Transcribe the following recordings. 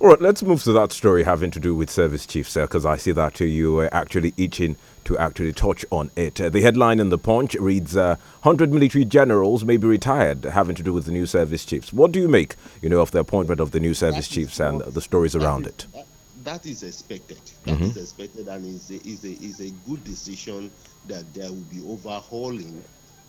All right, let's move to that story having to do with service chiefs, because uh, I see that uh, you are actually itching to actually touch on it. Uh, the headline in the Punch reads: uh, "100 military generals may be retired," having to do with the new service chiefs. What do you make, you know, of the appointment of the new service chiefs and the stories around it? that is expected. That mm -hmm. is expected, and is a, is a is a good decision that there will be overhauling,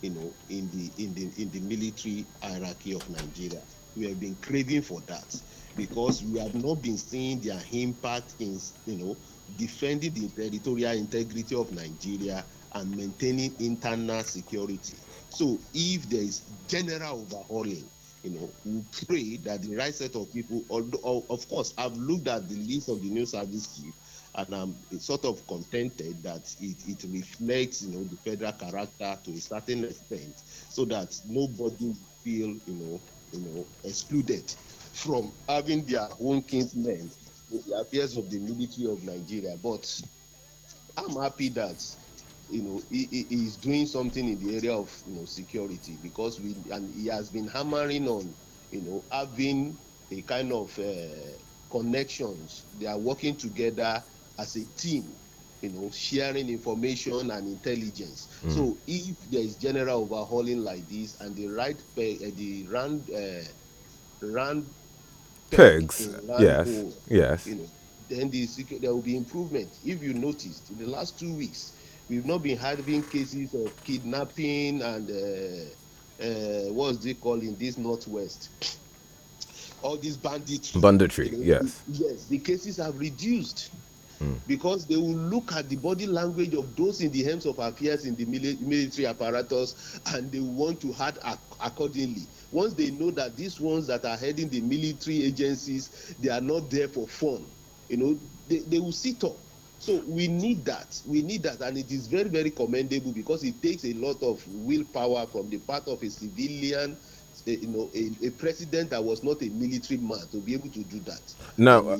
you know, in the in the in the military hierarchy of Nigeria we have been craving for that because we have not been seeing their impact in you know defending the territorial integrity of Nigeria and maintaining internal security. So if there is general overhauling, you know, we pray that the right set of people, although of course I've looked at the list of the new service chief and I'm sort of contented that it, it reflects, you know, the federal character to a certain extent so that nobody feel, you know, you know, excluded from having their own kinsmen in the affairs of the military of Nigeria. But I'm happy that you know he, he is doing something in the area of you know security because we and he has been hammering on you know having a kind of uh, connections. They are working together as a team you know, sharing information and intelligence. Mm. So if there is general overhauling like this and the right peg, uh, eh, the round, uh, eh, round pegs, round yes, hole, yes, you know, then the there will be improvement. If you noticed, in the last two weeks, we've not been having cases of kidnapping and uh, eh, uh, what's they call in this northwest. All these banditry. Banditry, yes. Yes, the cases have reduced because they will look at the body language of those in the hands of affairs in the military apparatus and they want to act accordingly. Once they know that these ones that are heading the military agencies, they are not there for fun, you know, they, they will sit up. So we need that. We need that. And it is very, very commendable because it takes a lot of willpower from the part of a civilian a, you know a, a, president that was not a military man to be able to do that. Now, uh,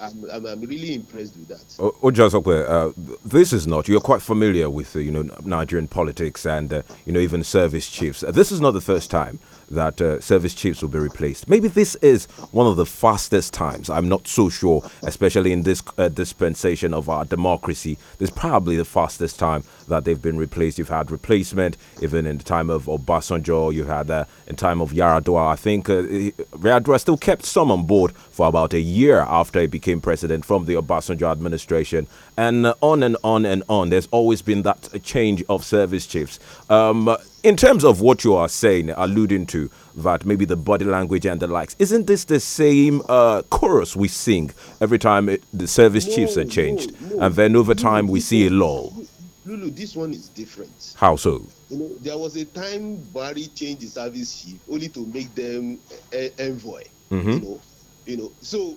I'm, I'm, I'm, really impressed with that. Oh, uh, this is not. You're quite familiar with uh, you know Nigerian politics and uh, you know even service chiefs. this is not the first time that uh, service chips will be replaced. Maybe this is one of the fastest times. I'm not so sure, especially in this uh, dispensation of our democracy. This is probably the fastest time that they've been replaced. You've had replacement even in the time of Obasanjo. You had uh, in time of Yaradua. I think uh, Yaradua still kept some on board for about a year after he became president from the Obasanjo administration, and uh, on and on and on. There's always been that change of service chiefs. Um, in terms of what you are saying, alluding to that maybe the body language and the likes, isn't this the same uh, chorus we sing every time it, the service no, chiefs are changed, no, no. and then over time Lulu, we see a lull? Lulu, this one is different. How so? You know, there was a time Barry changed the service chief only to make them a- a- envoy. Mm-hmm. You know, you know. So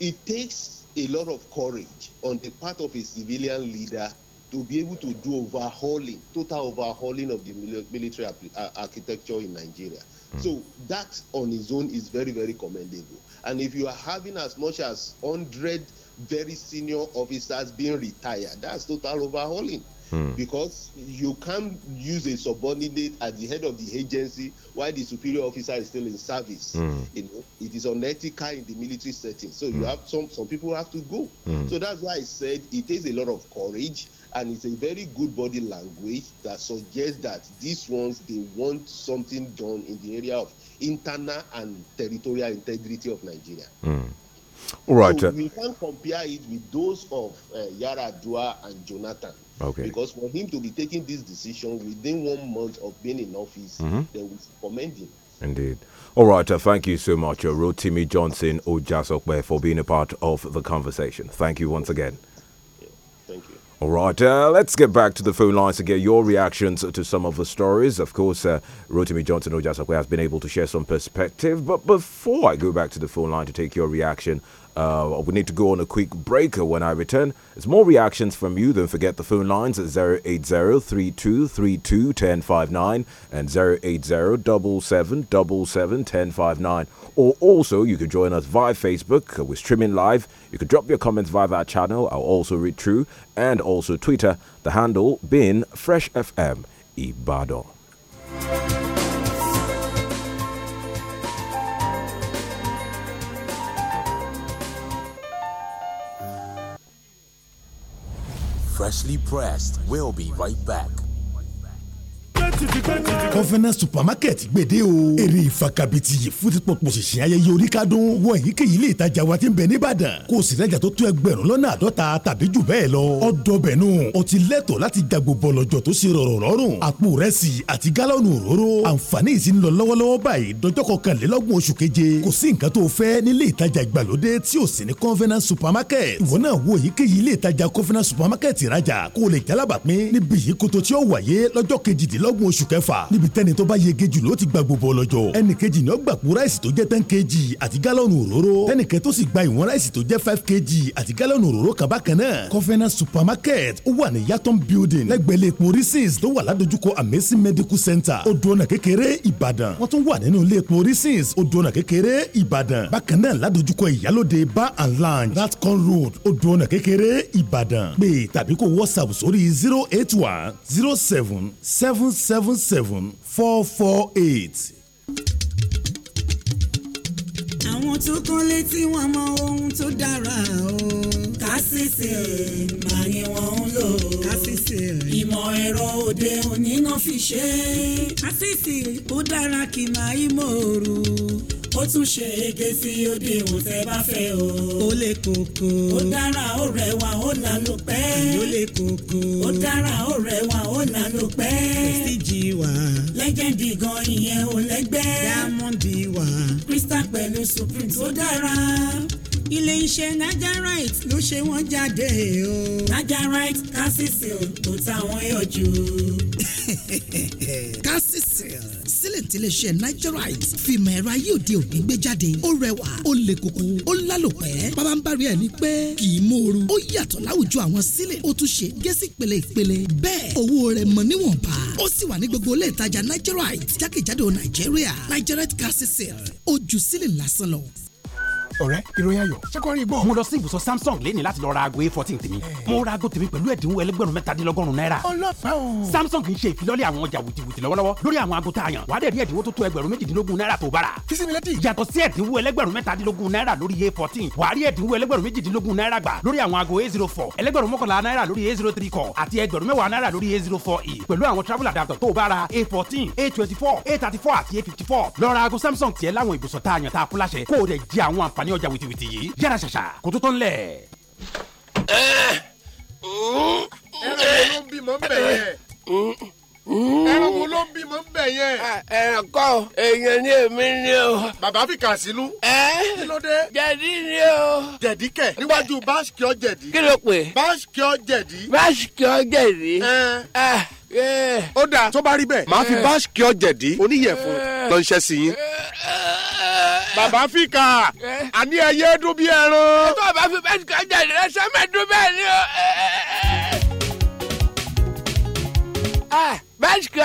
it takes a lot of courage on the part of a civilian leader to be able to do overhauling, total overhauling of the military uh, architecture in Nigeria. Mm. So that on its own is very, very commendable. And if you are having as much as 100 very senior officers being retired, that's total overhauling. Hmm. Because you can't use a subordinate at the head of the agency while the superior officer is still in service. Hmm. You know, it is unethical in the military setting. So you hmm. have some some people have to go. So that's why I said it takes a lot of courage and it's a very good body language that suggests that these ones they want something done in the area of internal and territorial integrity of Nigeria. Mm. All right. So uh, we can compare it with those of uh, Yaradua and Jonathan. Okay. Because for him to be taking this decision within one month of being in office, mm -hmm. they will commend him. Indeed. All right. Uh, thank you so much, uh, Rotimi Johnson Ojasokwe, for being a part of the conversation. Thank you once again. All right, uh, let's get back to the phone lines to get your reactions to some of the stories. Of course, uh, Rotimi Johnson Ojasakwe has been able to share some perspective. But before I go back to the phone line to take your reaction, uh, we need to go on a quick break uh, when I return. It's more reactions from you. Don't forget the phone lines at 080-3232-1059 and 080-777-1059. Or also, you can join us via Facebook. Uh, we're streaming live. You can drop your comments via our channel. I'll also read through. And also Twitter, the handle being FreshFM Ibado. Freshly pressed. We'll be right back. convenience supermarket gbèdé o èrè ìfakabiti yìí fún ti pọpọ ṣìṣìn ayẹyẹ oníkádùn wọ èyíkéyìí ilé ìtajà wa ti ń bẹ nìbàdàn kó o sì rẹjà tó tó ẹgbẹ̀rún lọ́nà àádọ́ta tàbí jù bẹ́ẹ̀ lọ ọ̀dọ̀ bẹ̀nu o ti lẹ́tọ̀ọ́ láti jagbo bọ̀lọ̀jọ̀ tó ṣe rọ̀rọ̀ rọrùn àpò rẹsì àti gálọ́ọ̀nù òróró àǹfààní yìí ti ń lọ lọ́wọ́lọ́wọ́ báyìí dọjọ́ kọkànlélọ́gbọ̀n oṣù keje kò sí nǹkan tó fẹ́ nílé ìtajà ìgbàlódé tí ò sí ní convenience supermarket ìwọ náà wo èyíkéyìí convenience supermarket ìrajà kó o lè jálábàpín níbi yìí kótó tí ó wáyé lọ́jọ́ kejìdínlọ́gbọ̀n owó oṣù kẹfà níbi tẹ́ni tó bá yege jù ló ti gba gbogbo ọlọ́jọ́ ẹnì kejì ni ó gbà po ráìsì tó jẹ́ ten kg àti gálọ́ọ̀nù òróró tẹ́nì kẹ́ tó sì gba ìwọ̀n ráìsì tó jẹ́ five kg àti gálọ́ọ̀nù òróró kan bákan náà Covenant supermarket ó wà ní Yatom building lẹ́gbẹ̀lẹ́ epo Reese's tó wà ládojúkọ Amazing medical center odò ọ̀nà kékeré Ìbàdàn wọ́n tún wà nínú ilé epo odò ọ̀nà kékeré Ìbàdàn bákan náà ládojúkọ Ìyálóde bar and lounge Ratcon road odò ọ̀nà kékeré Ìbàdàn pé tàbí kó WhatsApp sórí zero eight one zero seven seven seven seven seven four four eight. àwọn tó kán létí wọn mọ ohun tó dára o. kásìsì máa ní wọn ń lò. kásìsì ìmọ̀ ẹ̀rọ òde òní náà fi ṣe kásìsì ó dára kì máa í mòoru ó tún ṣe ege sí odi ìwò tẹ bá fẹ́ o. ó le koko. ó dára ó rẹwà ó lànà pẹ́. ó le koko. ó dára ó rẹwà ó lànà pẹ́. prestige wà. lẹ́gẹ̀dì gan ìyẹn ò lẹ́gbẹ́. diamond wà. crystal pẹ̀lú supreme tó dára ilé iṣẹ́ Nigerite ló ṣe wọ́n jáde o. Nigerite calcium tó táwọn yọjú. calcium àkọsílẹ̀ tiléeṣẹ́ nigerite fìmọ̀ ẹ̀rọ ayé òde òní gbé jáde ó rẹwà ó le koko ó lálòpẹ́ bàbá ń bari ẹ̀ ní pẹ́ kì í mòoru ó yàtọ̀ láwùjọ àwọn sílẹ̀ ó tún ṣe gẹ́sì pèlè ìpèlè bẹ́ẹ̀ owó rẹ̀ mọ̀ níwọ̀nba ó sì wà ní gbogbo ilé ìtajà nigerite jákèjádò nàìjíríà nigerite gas sale ó ju sílẹ̀ lásán lọ ọ̀rẹ́ ìròyìn ayọ̀ ṣé kò rí gbọ́. mo lọ sí ibùsọ samsung lẹ́ni láti lọ ra aago a fourteen tèmi mo ra aago tèmi pẹ̀lú ẹ̀dínwó ẹlẹ́gbẹ̀rún mẹ́tàdínlọ́gọ́rùn náírà. ọlọ́pàá o. samsung ń ṣe ìfilọ́lẹ̀ àwọn ọjà wùtìwùtì lọ́wọ́lọ́wọ́ lórí àwọn aago tá a yàn wàá dẹ̀ rí ẹ̀dínwó tó tó ẹgbẹ̀rún méjìdínlógún náírà tó bára. kìsìmìlẹ́tì. yàtọ̀ sí ẹ̀dínwó ẹlẹ́gbẹ̀rún mẹ́tàdínlógún náírà lórí a fourteen wàá rí ẹ̀dínwó ẹlẹ́gbẹ̀rún méjìdínlógún náírà gbà lórí àwọn aago a zero four ẹlẹ́gbẹ̀rún mọ́kànlá náírà lórí a zero three kọ̀ àti ẹgbẹ̀rún mẹ́wàá náírà lórí a zero four e pẹ̀lú àwọn travel adapter tó bára a fourteen a twenty four a thirty four àti a fifty four lọ́ra aago samsung tiẹ̀ láwọn ibùsọ̀ tá a yàn tá a kú láǹfààní ọjà wìtìwìtì yìí yára ṣàṣà kó tó tán lẹ̀. ẹ ẹ ló ń bímọ bẹ̀rẹ̀ ẹranko ló ń bímọ ń bẹ̀ yẹn. Ah, ẹranko èèyàn ni èmi ni o. bàbá fi kà sínú. ẹ kí ló dé. jẹ̀dí ni o. jẹ̀dí kẹ̀ níwájú báṣkìọ́ jẹ̀dí. kí ló pè. báṣkìọ́ jẹ̀dí. báṣkìọ́ jẹ̀dí. ó dáa tó bá rí bẹ́ẹ̀ máa fi báṣkìọ́ jẹ̀dí oníyẹ̀fun lọ ń ṣẹ́ sí yín. Bàbá Fika, àní ẹyẹ dún bí ẹran. Ẹ tó bá fi báṣkìọ́ jẹ̀dí rẹ sẹ́mẹ̀ bẹ́ẹ̀ ni o.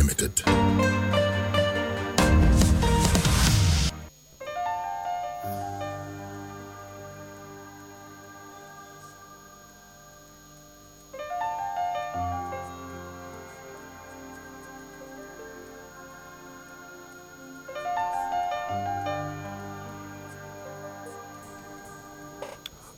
Limited.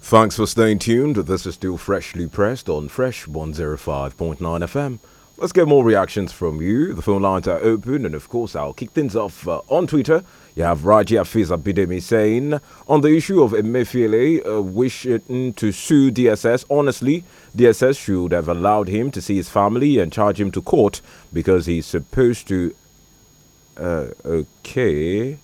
Thanks for staying tuned. This is still freshly pressed on Fresh 105.9 FM. Let's get more reactions from you. The phone lines are open, and of course, I'll kick things off uh, on Twitter. You have Raji Afiz Abidemi saying, on the issue of Emefiele uh, wishing to sue DSS, honestly, DSS should have allowed him to see his family and charge him to court because he's supposed to. Uh, okay.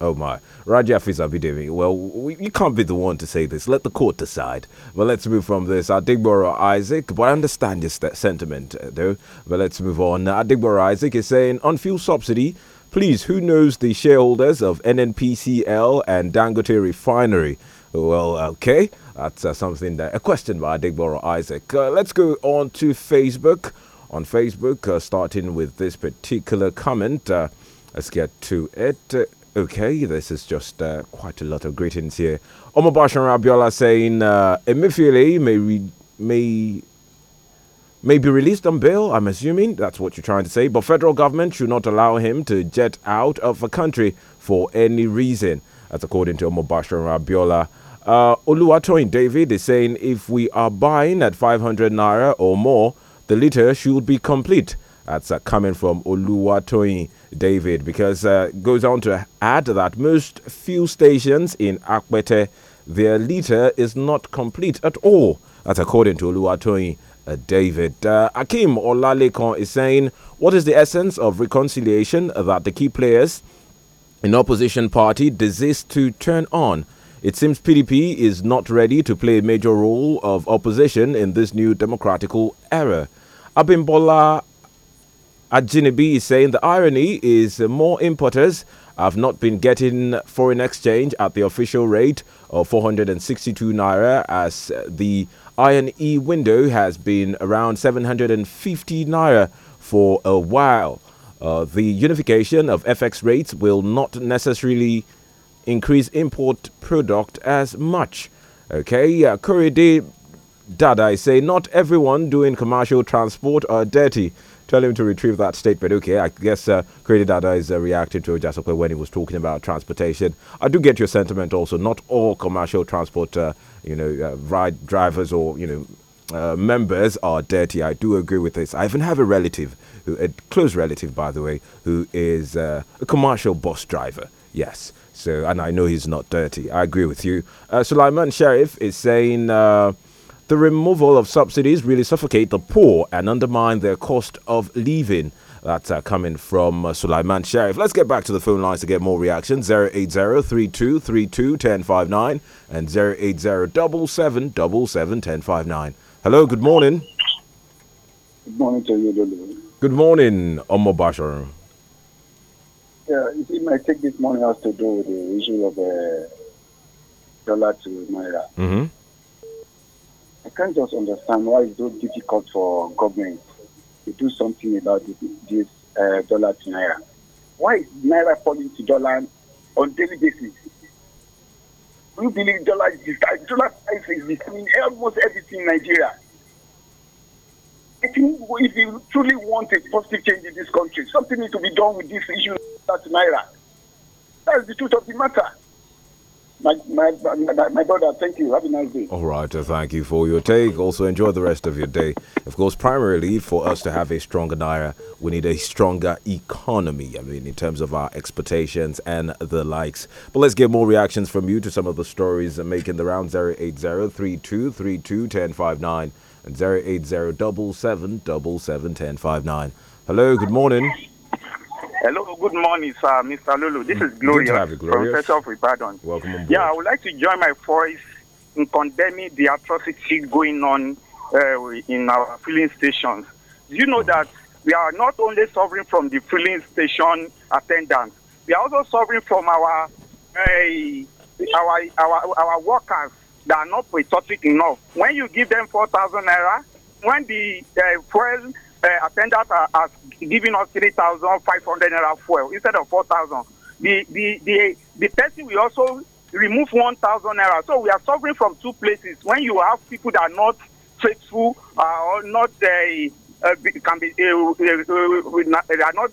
Oh my. Raja Fizabidemi. Well, we, you can't be the one to say this. Let the court decide. But let's move from this. Adigboro Isaac, but I understand your sentiment, uh, though. But let's move on. Adigboro Isaac is saying on fuel subsidy, please, who knows the shareholders of NNPCL and Dangote Refinery? Well, okay. That's uh, something that a question by Adigboro Isaac. Uh, let's go on to Facebook. On Facebook, uh, starting with this particular comment, uh, let's get to it. Okay, this is just uh, quite a lot of greetings here. Omobash and Rabiola saying uh, may re- may may be released on bail. I'm assuming that's what you're trying to say. But federal government should not allow him to jet out of the country for any reason. That's according to Omobash and Rabiola. Uh, Oluwatoyin David is saying if we are buying at 500 naira or more, the litre should be complete. That's uh, coming from Oluwatoyin David because uh, goes on to add that most fuel stations in Akwete, their liter is not complete at all. That's according to Oluwatoyin uh, David. Uh, Akim Olalekan is saying, What is the essence of reconciliation that the key players in opposition party desist to turn on? It seems PDP is not ready to play a major role of opposition in this new democratical era. Abimbola Ajinibi is saying the irony is more importers have not been getting foreign exchange at the official rate of 462 naira as the INE window has been around 750 naira for a while. Uh, the unification of FX rates will not necessarily increase import product as much. Okay, uh, Kuride Dada is saying not everyone doing commercial transport are dirty tell him to retrieve that statement. Okay, I guess uh, Credit Data is uh, reacting to Ojasope when he was talking about transportation. I do get your sentiment also. Not all commercial transport, uh, you know, uh, ride drivers or, you know, uh, members are dirty. I do agree with this. I even have a relative, who, a close relative, by the way, who is uh, a commercial bus driver. Yes. So, and I know he's not dirty. I agree with you. Uh, Sulaiman Sheriff is saying uh, the removal of subsidies really suffocate the poor and undermine their cost of living. That's uh, coming from uh, Sulaiman Sharif. Let's get back to the phone lines to get more reactions. 080-3232-1059 and 080-777-1059. Hello, good morning. Good morning to you, Dolly. Good morning, Omo Bashar. Yeah, you see, my take this morning has to do with the issue of uh, dollar to Naira. Mm -hmm can't just understand why it's so difficult for government to do something about this uh, dollar to naira. Why is naira falling to dollar on daily basis? We believe dollar is dollar price is becoming almost everything in Nigeria. I think if you truly want a positive change in this country, something needs to be done with this issue of naira. That's the truth of the matter. My, my, my, brother, thank you. Have a nice day. All right, uh, thank you for your take. Also, enjoy the rest of your day. Of course, primarily for us to have a stronger naira, we need a stronger economy. I mean, in terms of our expectations and the likes. But let's get more reactions from you to some of the stories making the round 80 3232 and 80 777 Hello, good morning. Hello, good morning, sir, Mr. Lulu. This is mm, Gloria, Professor of Ibadan. Welcome Yeah, I would like to join my voice in condemning the atrocities going on uh, in our filling stations. You know that we are not only suffering from the filling station attendants, we are also suffering from our uh, our, our our workers that are not patriotic enough. When you give them four thousand naira, when the uh, uh, attendants are, are giving us 3,500 naira fuel instead of 4,000. The, the, the, the person we also remove 1,000 naira. So we are suffering from two places. When you have people that are not faithful uh, or not uh, uh, can be uh, uh, uh they are not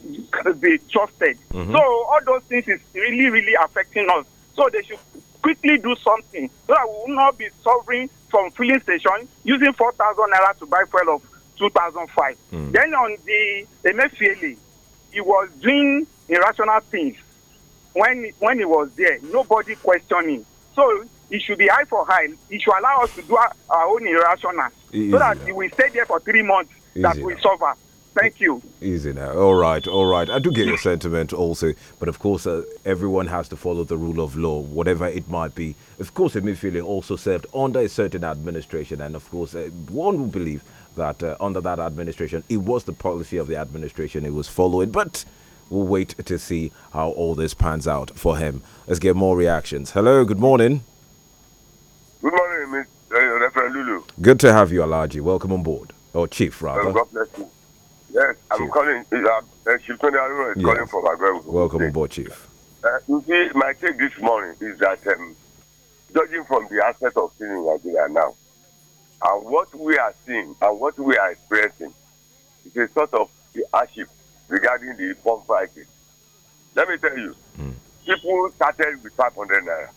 be trusted. Mm -hmm. So all those things is really really affecting us. So they should quickly do something so that we will not be suffering from filling station using four thousand naira to buy fuel of 2005. Mm. Then on the Emefiele, he was doing irrational things when when he was there. Nobody questioning. So it should be high for high. He should allow us to do our, our own irrational, Easy so that now. we stay there for three months Easy that we suffer. Thank you. Easy now. All right, all right. I do get your sentiment also, but of course, uh, everyone has to follow the rule of law, whatever it might be. Of course, Emefiele also served under a certain administration, and of course, uh, one would believe that uh, under that administration, it was the policy of the administration it was followed. But we'll wait to see how all this pans out for him. Let's get more reactions. Hello, good morning. Good morning, uh, Reverend Lulu. Good to have you, Alaji. Welcome on board, or Chief um, rather. God bless you. Yes, I'm Chief. calling. Uh, uh, Tony is yes. calling from Abuja. Welcome on board, Chief. Uh, you see, my take this morning is that um, judging from the aspect of things in Nigeria now, and what we are seeing and what we are experiencing is a sort of the hardship regarding the bomb prices. Let me tell you, mm. people started with 500 naira.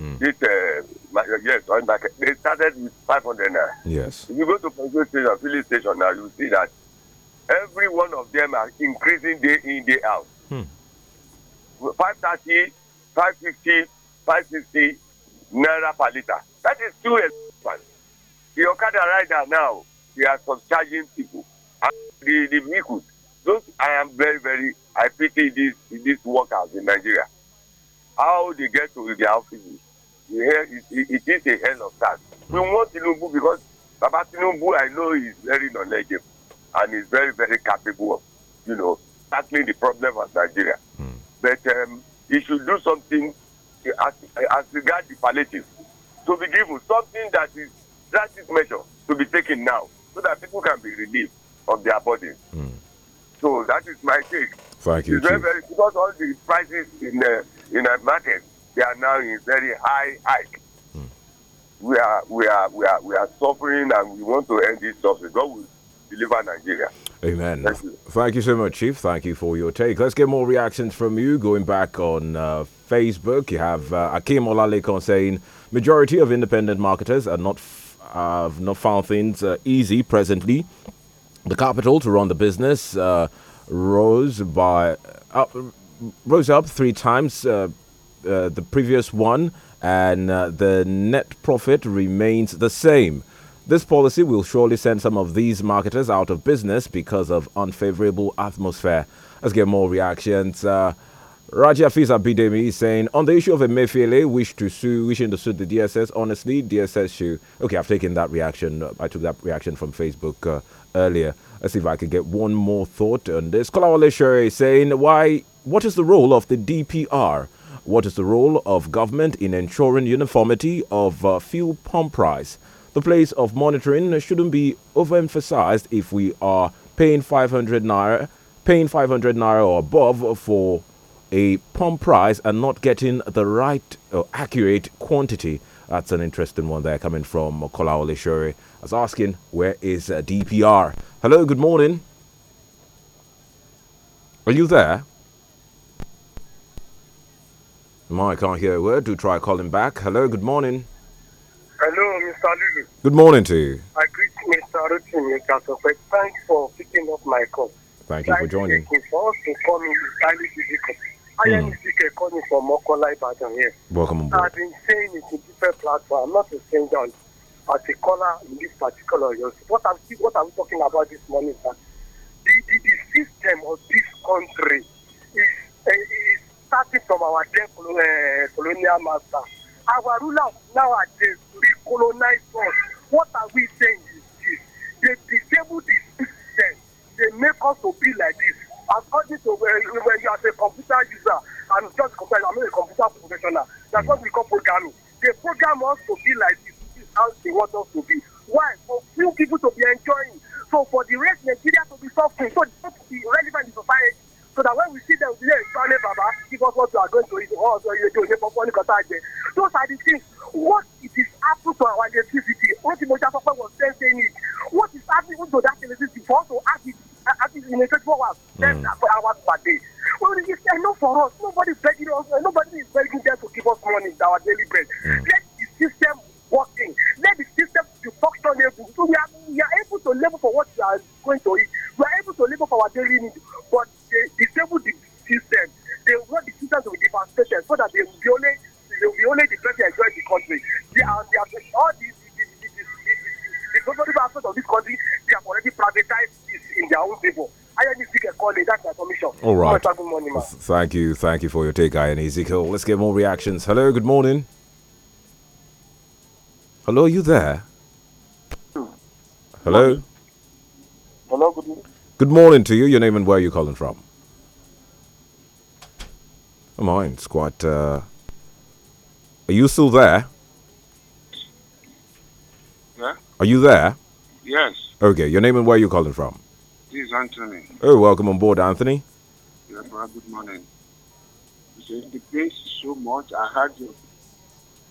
Mm. This, uh, uh yes, they started with 500 naira. Yes. If you go to petrol station, filling station now, you see that every one of them are increasing day in, day out. Mm. 530, 550, 560 naira per liter. That is too expensive right now, we are subcharging people and the the vehicles. Those I am very very I pity these these workers in Nigeria. How they get to their offices, it, it, it is a hell of that. We want Tinubu because Baba Tinubu I know is very knowledgeable and is very very capable of you know tackling the problem of Nigeria. Mm. But um, he should do something as, as regards the palliative to be given something that is drastic measure to be taken now so that people can be relieved of their burden. Mm. So that is my take. Thank you. Very, very, because all the prices in the uh, in the market they are now in very high hike. Hmm. We are we are we are we are suffering and we want to end this suffering. God will deliver Nigeria. Amen. Thank you. Thank you so much, Chief. Thank you for your take. Let's get more reactions from you. Going back on uh, Facebook, you have uh, Akim Olalekan saying, majority of independent marketers are not have not found things uh, easy presently. The capital to run the business uh, rose by up, rose up three times uh, uh, the previous one, and uh, the net profit remains the same. This policy will surely send some of these marketers out of business because of unfavorable atmosphere. Let's get more reactions. Raja Fiza Bidemi is saying, on the issue of Emefiele, wish to sue, wishing to sue the DSS, honestly, DSS should. Okay, I've taken that reaction. I took that reaction from Facebook uh, earlier. Let's see if I can get one more thought on this. Kolawole Shere is saying, why, what is the role of the DPR? What is the role of government in ensuring uniformity of uh, fuel pump price? The place of monitoring shouldn't be overemphasized if we are paying 500 naira, paying 500 naira or above for a pump price and not getting the right or uh, accurate quantity. That's an interesting one there coming from Kola Olishore. I was asking, where is uh, DPR? Hello, good morning. Are you there? My, I can't hear a word. Do try calling back. Hello, good morning. Hello, Mr. Lulu. Good morning to you. I greet Mr. Rutin, Mr. Sofet. Thanks for picking up my call. Thank you for joining. Hmm. I am Zike calling from Mokola Ibadan here. Welcome aboard. I've been saying it in different platforms. I'm not a stranger on particular in this particular year. What I'm what I'm talking about this morning is that the, the, the system of this country is, uh, is starting from our colonial, uh, eh, colonial master. Our rulers nowadays recolonize us. What are we saying is this? They disable the system. They make us to be like this. according to where, where you are a computer user and just compare, I mean a computer professional, that's what we call programming. The program us to be like this. This is how they want us to be. Why? For few people to be enjoying. So for the rest Nigeria to be suffering, so they to be relevant in society. So that when we see them, we say, Sunday Baba, give us what you are going to eat, or what you are doing, those are the things. What it is happening to our electricity? What the Mojafapa was saying, what is happening to that electricity for us to in a 24 hours. Mm. for hours per day. Well, it's enough for us. Nobody begging us. Nobody is begging them to give us money, our daily bread. Mm. All right. Thank you. Thank you for your take, Ian Ezekiel. Let's get more reactions. Hello, good morning. Hello, are you there? Hello? Hello, good morning. Good morning to you. Your name and where are you calling from? Oh, mine. It's quite. Uh... Are you still there? Yeah? Are you there? Yes. Okay, your name and where are you calling from? This is Anthony. Oh, welcome on board, Anthony good morning. It depends The is so much, I heard you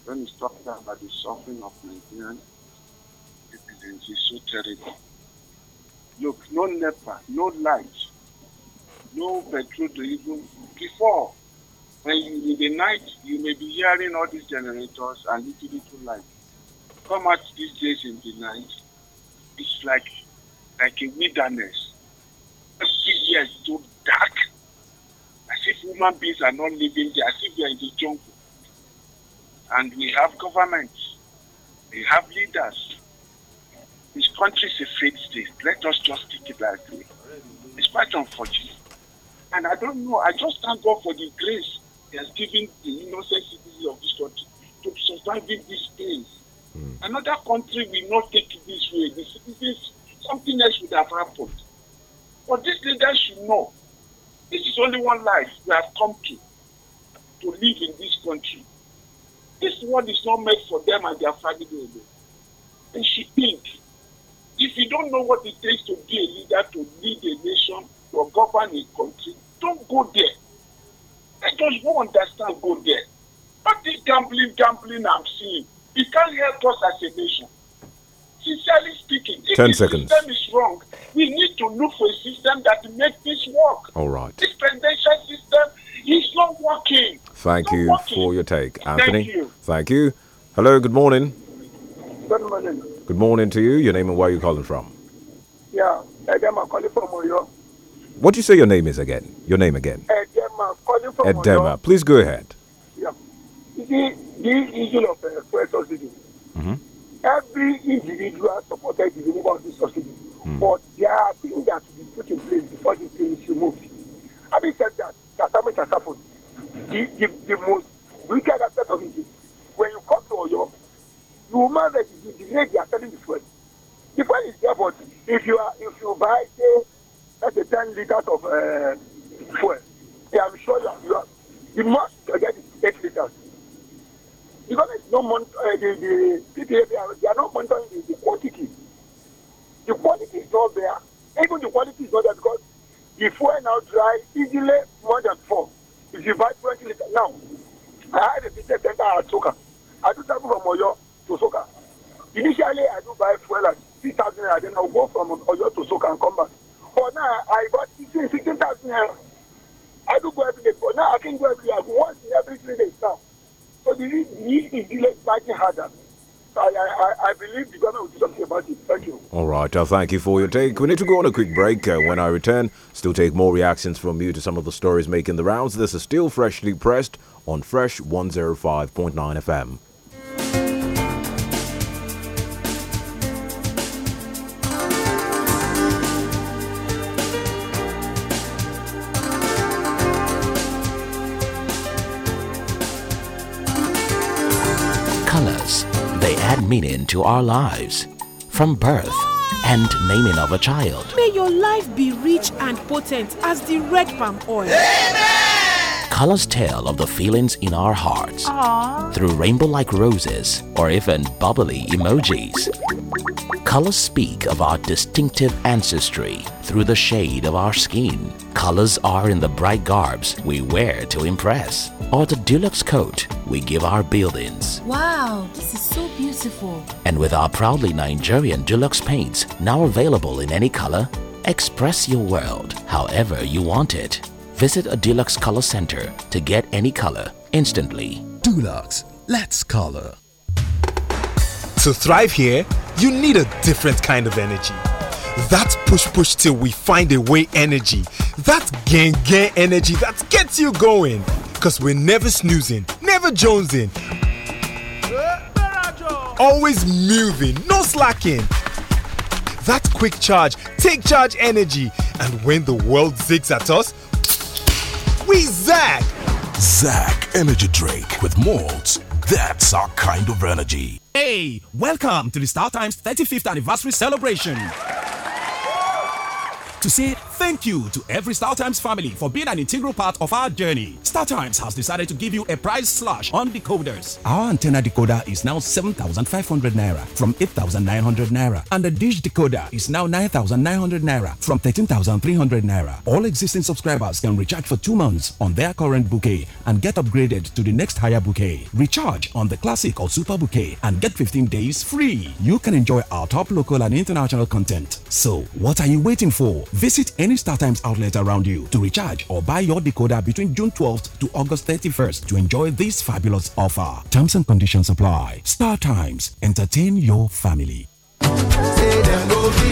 when you talking about the suffering of Nigerian citizens, it's so terrible. Look, no leper, no light, no petrol even before. When you in the night, you may be hearing all these generators and little little light. Come out these days in the night, it's like like a wilderness. Yes, so dark if human beings are not living there, as if they are in the jungle. And we have governments, we have leaders. This country is a failed state. Let us just take it that It's quite unfortunate. And I don't know, I just thank God for the grace He has given the innocent citizens of this country to survive these days. Mm. Another country will not take it this way. The citizens, something else would have happened. But these leaders should know this is only one life we have come to to live in this country. This world is not made for them and their family And she think if you don't know what it takes to be a leader, to lead a nation, to govern a country, don't go there. I just won't understand go there. But this gambling, gambling I'm seeing, it can't help us as a nation sincerely speaking, if 10 the seconds. system is wrong, we need to look for a system that makes this work. All right. This presidential system is not working. Thank not you working. for your take, Anthony. Thank you. Thank you. Hello, good morning. Good morning. Good morning to you. Your name and where you calling from? Yeah, Edema I'm calling from Oyo. What do you say your name is again? Your name again? Edema, calling from Edema. Oyo. Please go ahead. Yeah. You see, the issue of uh, fuel subsidy. Mm-hmm Every individual supported the removal of the subsidy. Mm. But there are things that should be put in place before this thing is removed. Having said that, that damage has happened. The, the, the most wicked aspect of it is when you come to Oyo, you will know that the, the rate they are selling the fuel. The fuel is there, but if you, are, if you buy, say, that's a 10 liters of uh, fuel, yeah, I'm sure you are, you are, you must get 8 liters. The government no not uh, the, the, the, they are not monitoring the, the quantity. The quality is not there. Even the quality is not there because the fuel now dry easily more than four. If you buy 20 liters now, I had a business center at Soka. I do travel from Oyo to Soka. Initially, I do buy fuel at three thousand, and then I'll go from Oyo to Soka and come back. But now I bought 16,000 16, I do go every day. But now I can go every day. I go once in every three days now. So the is dealing slightly harder. I, I, I believe the government will do something about it. Thank you. All right. Uh, thank you for your take. We need to go on a quick break. Uh, when I return, still take more reactions from you to some of the stories making the rounds. This is still freshly pressed on Fresh 105.9 FM. meaning to our lives from birth and naming of a child. May your life be rich and potent as the red palm oil. Amen colors tell of the feelings in our hearts Aww. through rainbow like roses or even bubbly emojis. Colors speak of our distinctive ancestry through the shade of our skin. Colors are in the bright garbs we wear to impress or the deluxe coat we give our buildings. Wow, this is so beautiful. And with our proudly Nigerian deluxe paints now available in any color, express your world however you want it. Visit a Dulux Color Center to get any color instantly. Dulux, let's color. To thrive here, you need a different kind of energy. That push push till we find a way energy. That gang gang energy that gets you going. Cause we're never snoozing, never jonesing. Always moving, no slacking. That quick charge, take charge energy. And when the world zigs at us, we Zach. Zach Energy Drake with Malt. That's our kind of energy. Hey, welcome to the Star Times 35th anniversary celebration. To see Thank you to every StarTimes family for being an integral part of our journey. StarTimes has decided to give you a price slash on decoders. Our antenna decoder is now 7,500 naira from 8,900 naira, and the dish decoder is now 9,900 naira from 13,300 naira. All existing subscribers can recharge for two months on their current bouquet and get upgraded to the next higher bouquet. Recharge on the classic or super bouquet and get 15 days free. You can enjoy our top local and international content. So, what are you waiting for? Visit any StarTimes outlet around you to recharge or buy your decoder between June 12th to August 31st to enjoy this fabulous offer. Terms and conditions apply. StarTimes, entertain your family.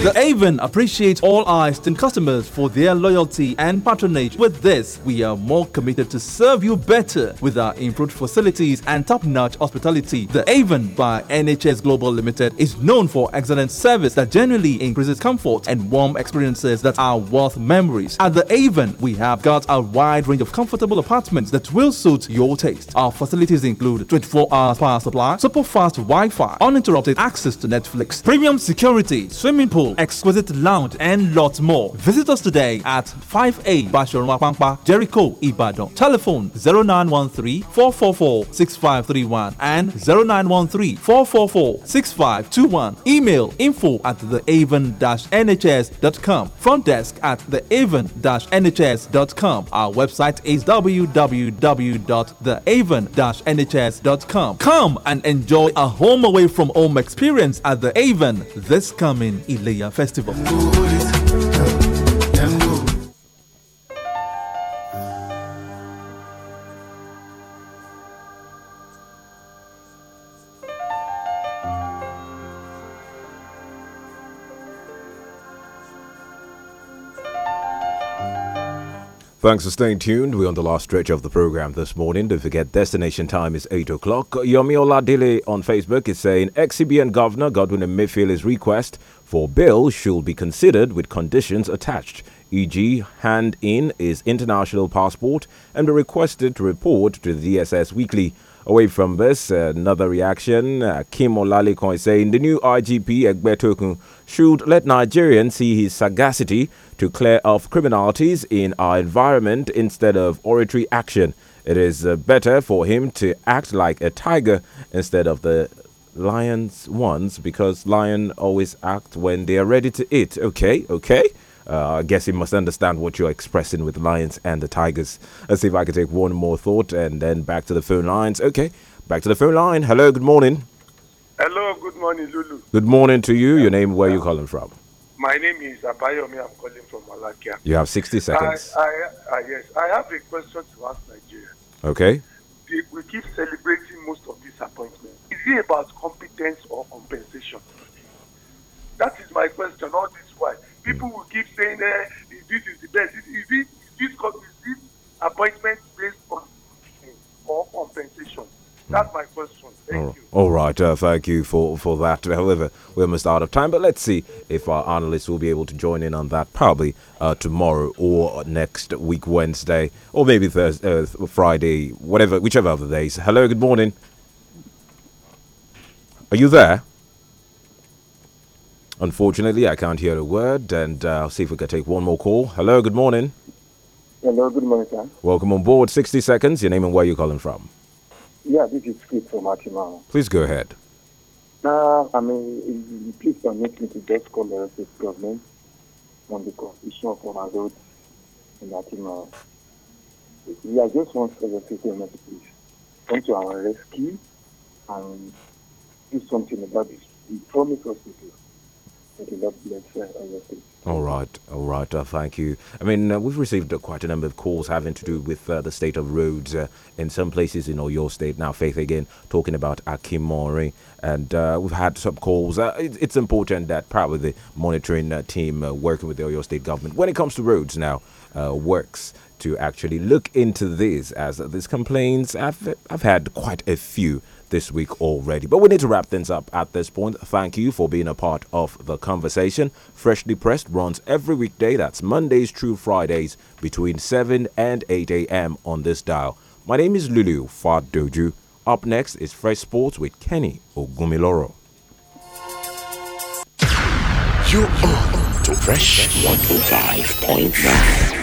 The Avon appreciates all our esteemed customers for their loyalty and patronage. With this, we are more committed to serve you better with our improved facilities and top-notch hospitality. The Avon by NHS Global Limited is known for excellent service that generally increases comfort and warm experiences that are worth memories. At the Avon, we have got a wide range of comfortable apartments that will suit your taste. Our facilities include 24-hour power supply, super-fast Wi-Fi, uninterrupted access to Netflix, premium security, swimming pool, exquisite lounge, and lots more. Visit us today at 5A Pampa, Jericho, Ibadan. Telephone 0913-444-6531 and 0913-444-6521. Email info at theaven nhscom Front desk at theaven nhscom Our website is wwwtheaven nhscom Come and enjoy a home away from home experience at the Avon. this coming in Ileya festival. Thanks for staying tuned. We're on the last stretch of the program this morning. Don't forget, destination time is 8 o'clock. Yomi Oladile on Facebook is saying XCBN Governor Godwin Emefiele's request for bill should be considered with conditions attached, e.g., hand in his international passport and be requested to report to the DSS weekly. Away from this, another reaction. Uh, Kim is saying the new RGP Egbe should let Nigerians see his sagacity to clear off criminalities in our environment instead of oratory action. It is uh, better for him to act like a tiger instead of the lion's ones because lion always act when they are ready to eat. Okay, okay. Uh, I guess he must understand what you're expressing with Lions and the Tigers. Let's see if I can take one more thought and then back to the phone lines. Okay, back to the phone line. Hello, good morning. Hello, good morning, Lulu. Good morning to you. Your name, where are you calling from? My name is Abayomi. I'm calling from Malakia. You have 60 seconds. I, I, I, yes, I have a question to ask Nigeria. Okay. We keep celebrating most of these appointments. Is it about competence or compensation? That is my question. All People will keep saying, uh, this is the best. Is, is, this, is, this, is this appointment based on or compensation? That's my question. Thank you. All right. Uh, thank you for, for that. However, uh, we're almost out of time, but let's see if our analysts will be able to join in on that probably uh, tomorrow or next week, Wednesday, or maybe Thursday, uh, Friday, whatever, whichever other days. Hello, good morning. Are you there? Unfortunately, I can't hear a word, and uh, I'll see if we can take one more call. Hello, good morning. Hello, good morning, sir. Welcome on board. 60 seconds. Your name and where you're calling from. Yeah, this is Chris from Akimau. Please go ahead. Uh, I mean, please permit me to just call the state government on the constitution of my road in Akimau. Yeah, I just want for the state government to please come to our rescue and do something about this. He promised us to do. All right, all right. Uh, thank you. I mean, uh, we've received uh, quite a number of calls having to do with uh, the state of roads uh, in some places in your state. Now, Faith again talking about Akimori, and uh, we've had some calls. It, it's important that probably the monitoring team working with the Oyo State government, when it comes to roads now, works to actually look into this, as these complaints I've I've had quite a few this week already. But we need to wrap things up at this point. Thank you for being a part of the conversation. Freshly Pressed runs every weekday, that's Mondays through Fridays, between 7 and 8 a.m. on this dial. My name is Lulu Fadoju. Up next is Fresh Sports with Kenny Ogumiloro. You are on to Fresh 105.9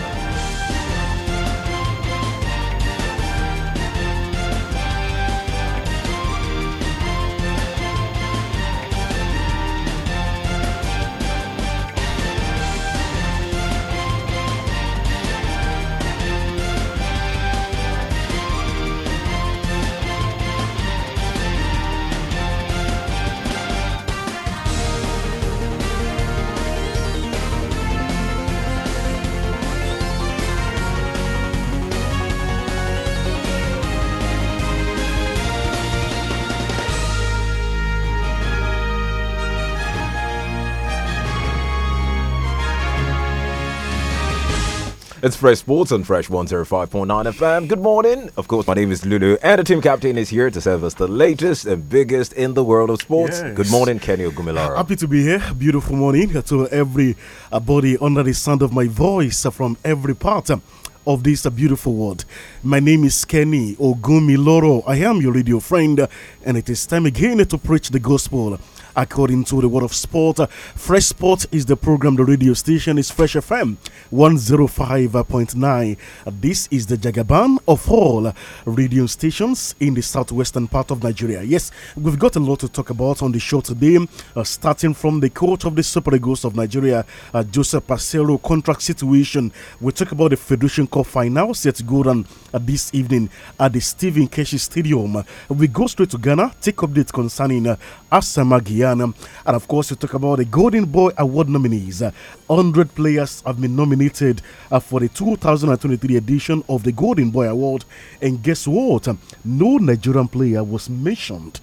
It's Fresh Sports on Fresh 105.9 FM. Good morning. Of course, my name is Lulu, and the team captain is here to serve us the latest and biggest in the world of sports. Yes. Good morning, Kenny Ogumilara. Happy to be here. Beautiful morning to everybody uh, under the sound of my voice from every part uh, of this uh, beautiful world. My name is Kenny Ogumiloro. I am your radio friend, and it is time again to preach the gospel according to the world of sport. Fresh Sport is the program, the radio station is Fresh FM 105.9. This is the Jagaban of all radio stations in the southwestern part of Nigeria. Yes, we've got a lot to talk about on the show today, uh, starting from the coach of the Super Eagles of Nigeria, uh, Joseph Pacero, contract situation. we talk about the Federation Cup final set to go on uh, this evening at the Stephen Keshi Stadium. We go straight to Ghana, take updates concerning uh, Asamagi Guyana. And of course, you talk about the Golden Boy Award nominees. 100 players have been nominated uh, for the 2023 edition of the Golden Boy Award. And guess what? No Nigerian player was mentioned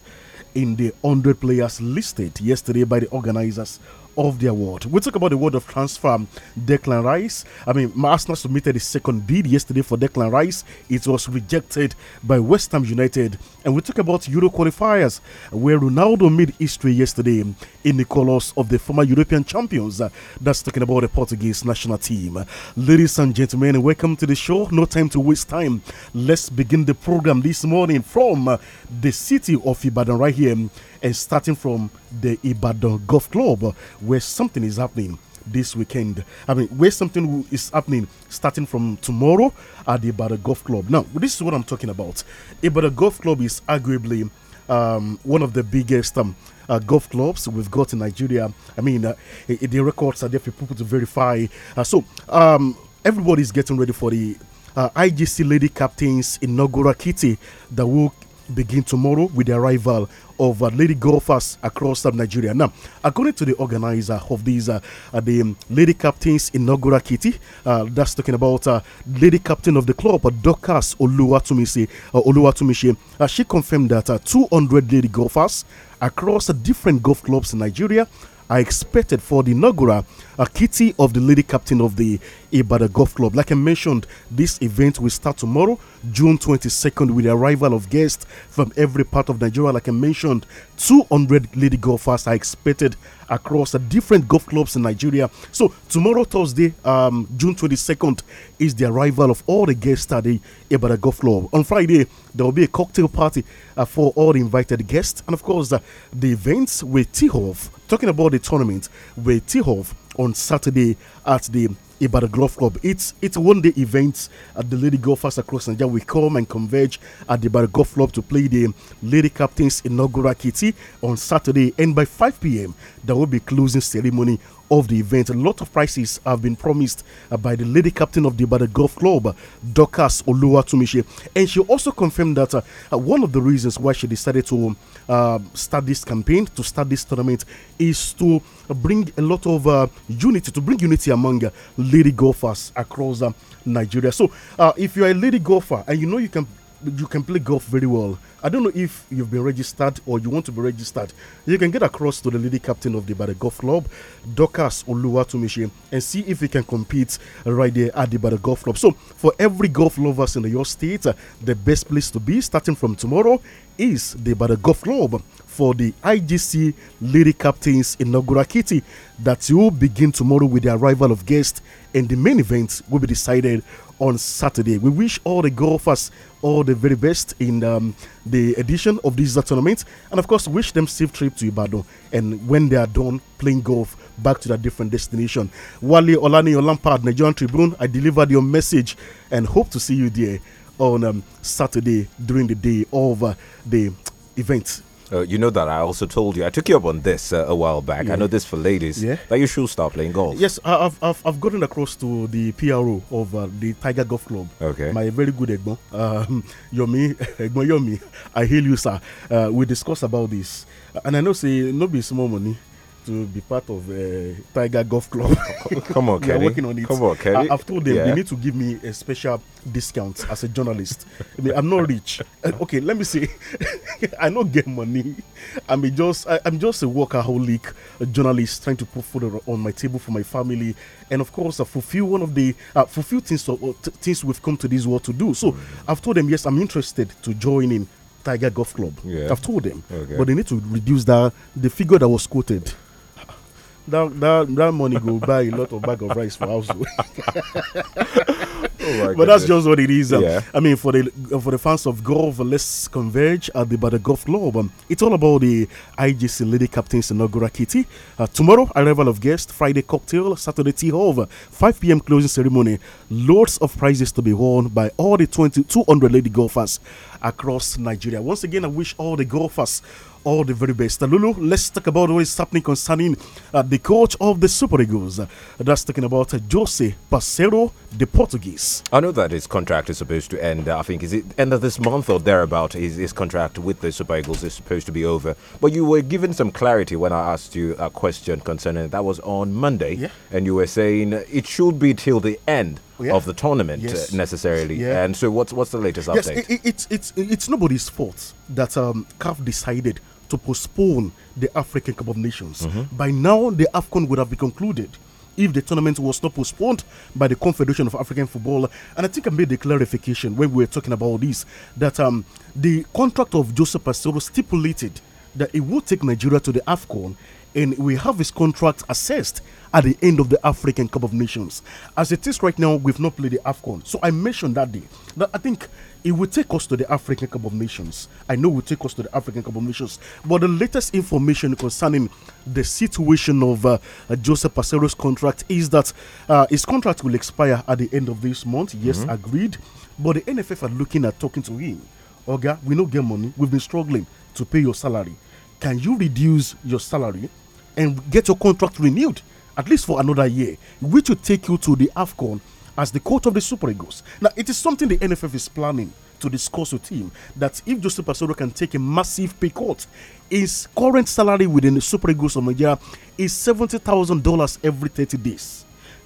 in the 100 players listed yesterday by the organizers of the award. We talk about the word of transfer, um, Declan Rice. I mean, Arsenal submitted a second bid yesterday for Declan Rice. It was rejected by West Ham United. And we talk about Euro qualifiers, where Ronaldo made history yesterday in the colours of the former European champions. That's talking about the Portuguese national team. Ladies and gentlemen, welcome to the show. No time to waste time. Let's begin the program this morning from uh, the city of Ibadan, right here and starting from the Ibadan Golf Club, where something is happening this weekend. I mean, where something is happening starting from tomorrow at the Ibadan Golf Club. Now, this is what I'm talking about. Ibadan Golf Club is arguably um, one of the biggest um, uh, golf clubs we've got in Nigeria. I mean, uh, the records are there for people to verify. Uh, so, um, everybody's getting ready for the uh, IGC Lady Captains inaugural kitty that will begin tomorrow with the arrival of uh, lady golfers across um, Nigeria. Now, according to the organizer of these, uh, uh, the um, Lady Captain's inaugural kitty, that's talking about Lady Captain of the club, Dokas Oluwatumise, uh, Oluwatumise, she confirmed that 200 lady golfers across different golf clubs in Nigeria are expected for the inaugural a kitty of the lady captain of the Ibada Golf Club. Like I mentioned, this event will start tomorrow, June 22nd, with the arrival of guests from every part of Nigeria. Like I mentioned, 200 lady golfers are expected across different golf clubs in Nigeria. So tomorrow, Thursday, um, June 22nd, is the arrival of all the guests study about the golf club. On Friday, there will be a cocktail party uh, for all the invited guests, and of course, uh, the events with Tihov. Talking about the tournament with Tihov on Saturday at the about the golf club. It's it's one day event at the Lady Golfers across Nigeria. We come and converge at the Barra Golf Club to play the Lady Captains inaugural kitty on Saturday. And by 5 p.m., there will be closing ceremony of the event. A lot of prizes have been promised uh, by the lady captain of the Bada Golf Club, uh, Dokas Oluwatumishi. And she also confirmed that uh, uh, one of the reasons why she decided to um, start this campaign, to start this tournament, is to bring a lot of uh, unity, to bring unity among lady golfers across Nigeria. So if you're a lady golfer and you know you can you can play golf very well. I don't know if you've been registered or you want to be registered. You can get across to the lady captain of the Bada Golf Club, Dokas Oluwatumishi, and see if you can compete right there at the Bada Golf Club. So, for every golf lovers in your state, uh, the best place to be starting from tomorrow is the Bada Golf Club for the IGC Lady Captains inaugural kitty that will begin tomorrow with the arrival of guests, and the main event will be decided on Saturday. We wish all the golfers all the very best in um, the edition of this tournament. And of course, wish them safe trip to Ibadan. And when they are done playing golf, back to their different destination. Wale Olaniyo Lampard, Nigerian Tribune, I delivered your message and hope to see you there on um, Saturday during the day of uh, the event uh, you know that I also told you. I took you up on this uh, a while back. Yeah. I know this for ladies. Yeah. That you should start playing golf. Yes, I've, I've, I've gotten across to the PRO of uh, the Tiger Golf Club. Okay. My very good egbo um, Yomi, Egbo Yomi. I hail you, sir. Uh, we discussed about this, uh, and I know say no be small money to be part of a eh, Tiger Golf Club. Come on, are working on it. Come on, Kelly. I, have told them yeah. they need to give me a special discount as a journalist. I mean, I'm not rich. Eh, okay, let me see. I don't get money. I'm just I, am just a workaholic a journalist trying to put food on my table for my family, and of course, I fulfill one of the uh, fulfill things uh, things we've come to this world to do. So mm. I've told them yes, I'm interested to join in Tiger Golf Club. Yeah. I've told them, okay. but they need to reduce that the figure that was quoted that, that, that money go buy a lot of bag of rice for household. Oh but that's just what it is. Um, yeah. I mean, for the uh, for the fans of golf, let's converge at the Bada Golf Club. Um, it's all about the IGC Lady Captains inaugural kitty. Uh, tomorrow, arrival of guests, Friday cocktail, Saturday tea over, 5 p.m. closing ceremony. Loads of prizes to be won by all the 2,200 lady golfers across Nigeria. Once again, I wish all the golfers all the very best. Lulu, let's talk about what is happening concerning uh, the coach of the Super Eagles. that's talking about Jose Parceiro, the Portuguese. I know that his contract is supposed to end, uh, I think, is it end of this month or thereabout? His, his contract with the Super Eagles is supposed to be over. But you were given some clarity when I asked you a question concerning that was on Monday, yeah. and you were saying it should be till the end. Oh, yeah. of the tournament yes. uh, necessarily. Yeah. And so, what's what's the latest yes, update? It, it, it's it's it's nobody's fault that um, CAF decided to postpone the African Cup of Nations. Mm -hmm. By now, the AFCON would have been concluded if the tournament was not postponed by the Confederation of African Football. And I think I made the clarification when we were talking about this that um, the contract of Joseph Pastoro stipulated that it would take Nigeria to the AFCON and we have his contract assessed at the end of the African Cup of Nations. As it is right now, we've not played the AFCON. So I mentioned that day that I think it will take us to the African Cup of Nations. I know it will take us to the African Cup of Nations. But the latest information concerning the situation of uh, Joseph Pacero's contract is that uh, his contract will expire at the end of this month. Yes, mm -hmm. agreed. But the NFF are looking at talking to him. Oga, we no get money. We've been struggling to pay your salary. Can you reduce your salary and get your contract renewed at least for another year, which will take you to the AFCON as the coach of the Super Eagles. Now, it is something the NFF is planning to discuss with him that if Joseph Pasoro can take a massive pay cut, his current salary within the Super Eagles of Nigeria is seventy thousand dollars every thirty days.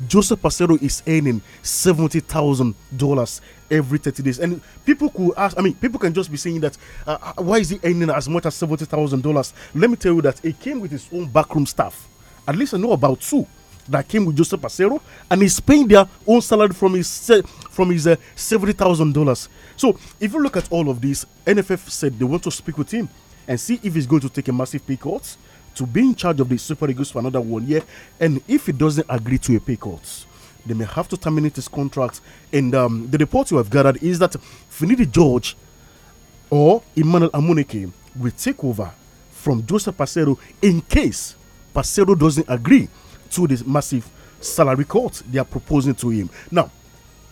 Joseph Pasero is earning seventy thousand dollars every thirty days, and people could ask. I mean, people can just be saying that uh, uh, why is he earning as much as seventy thousand dollars? Let me tell you that he came with his own backroom staff. At least I know about two that came with Joseph Acero, and he's paying their own salary from his from his uh, seventy thousand dollars. So if you look at all of this, NFF said they want to speak with him and see if he's going to take a massive pay cut to be in charge of the Super Eagles for another one year, and if he doesn't agree to a pay cut. They may have to terminate his contract. And um, the report you have gathered is that Finidi George or Emmanuel Amunike will take over from Joseph Pacero in case Pacero doesn't agree to this massive salary cut they are proposing to him. Now,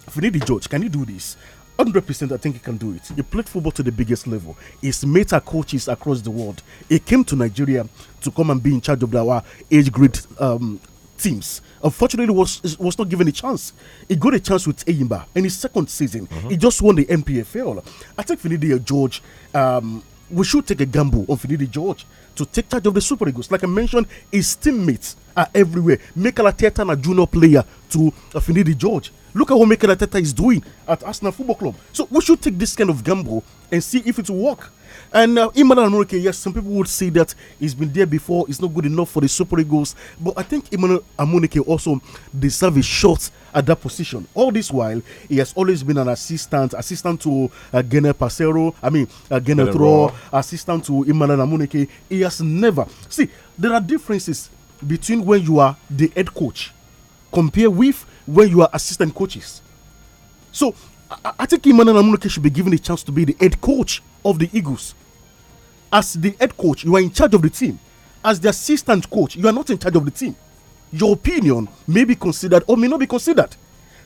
if you need the George, can you do this? 100% I think he can do it. He played football to the biggest level. He's met our coaches across the world. He came to Nigeria to come and be in charge of our age group um, teams. Unfortunately, was was not given a chance. He got a chance with Eyimba in his second season. Mm -hmm. He just won the MPFL. I think Finidi George um, we should take a gamble on Finidi George to take charge of the Super Eagles. Like I mentioned, his teammates are everywhere. Mikel Arteta and a junior player to Finidi George. Look at what Mikel Arteta is doing at Arsenal Football Club. So we should take this kind of gamble and see if it will work. And uh, Emmanuel Amunike, yes, some people would say that he's been there before, it's not good enough for the Super Eagles. But I think Emmanuel Amunike also deserves a shot at that position. All this while, he has always been an assistant, assistant to uh, Gene Passero, I mean, uh, Gene assistant to Emmanuel Amunike. He has never. See, there are differences between when you are the head coach compare with when you are assistant coaches. So, I, I think Emmanuel Amunike should be given a chance to be the head coach of the Eagles. As the head coach, you are in charge of the team. As the assistant coach, you are not in charge of the team. Your opinion may be considered or may not be considered.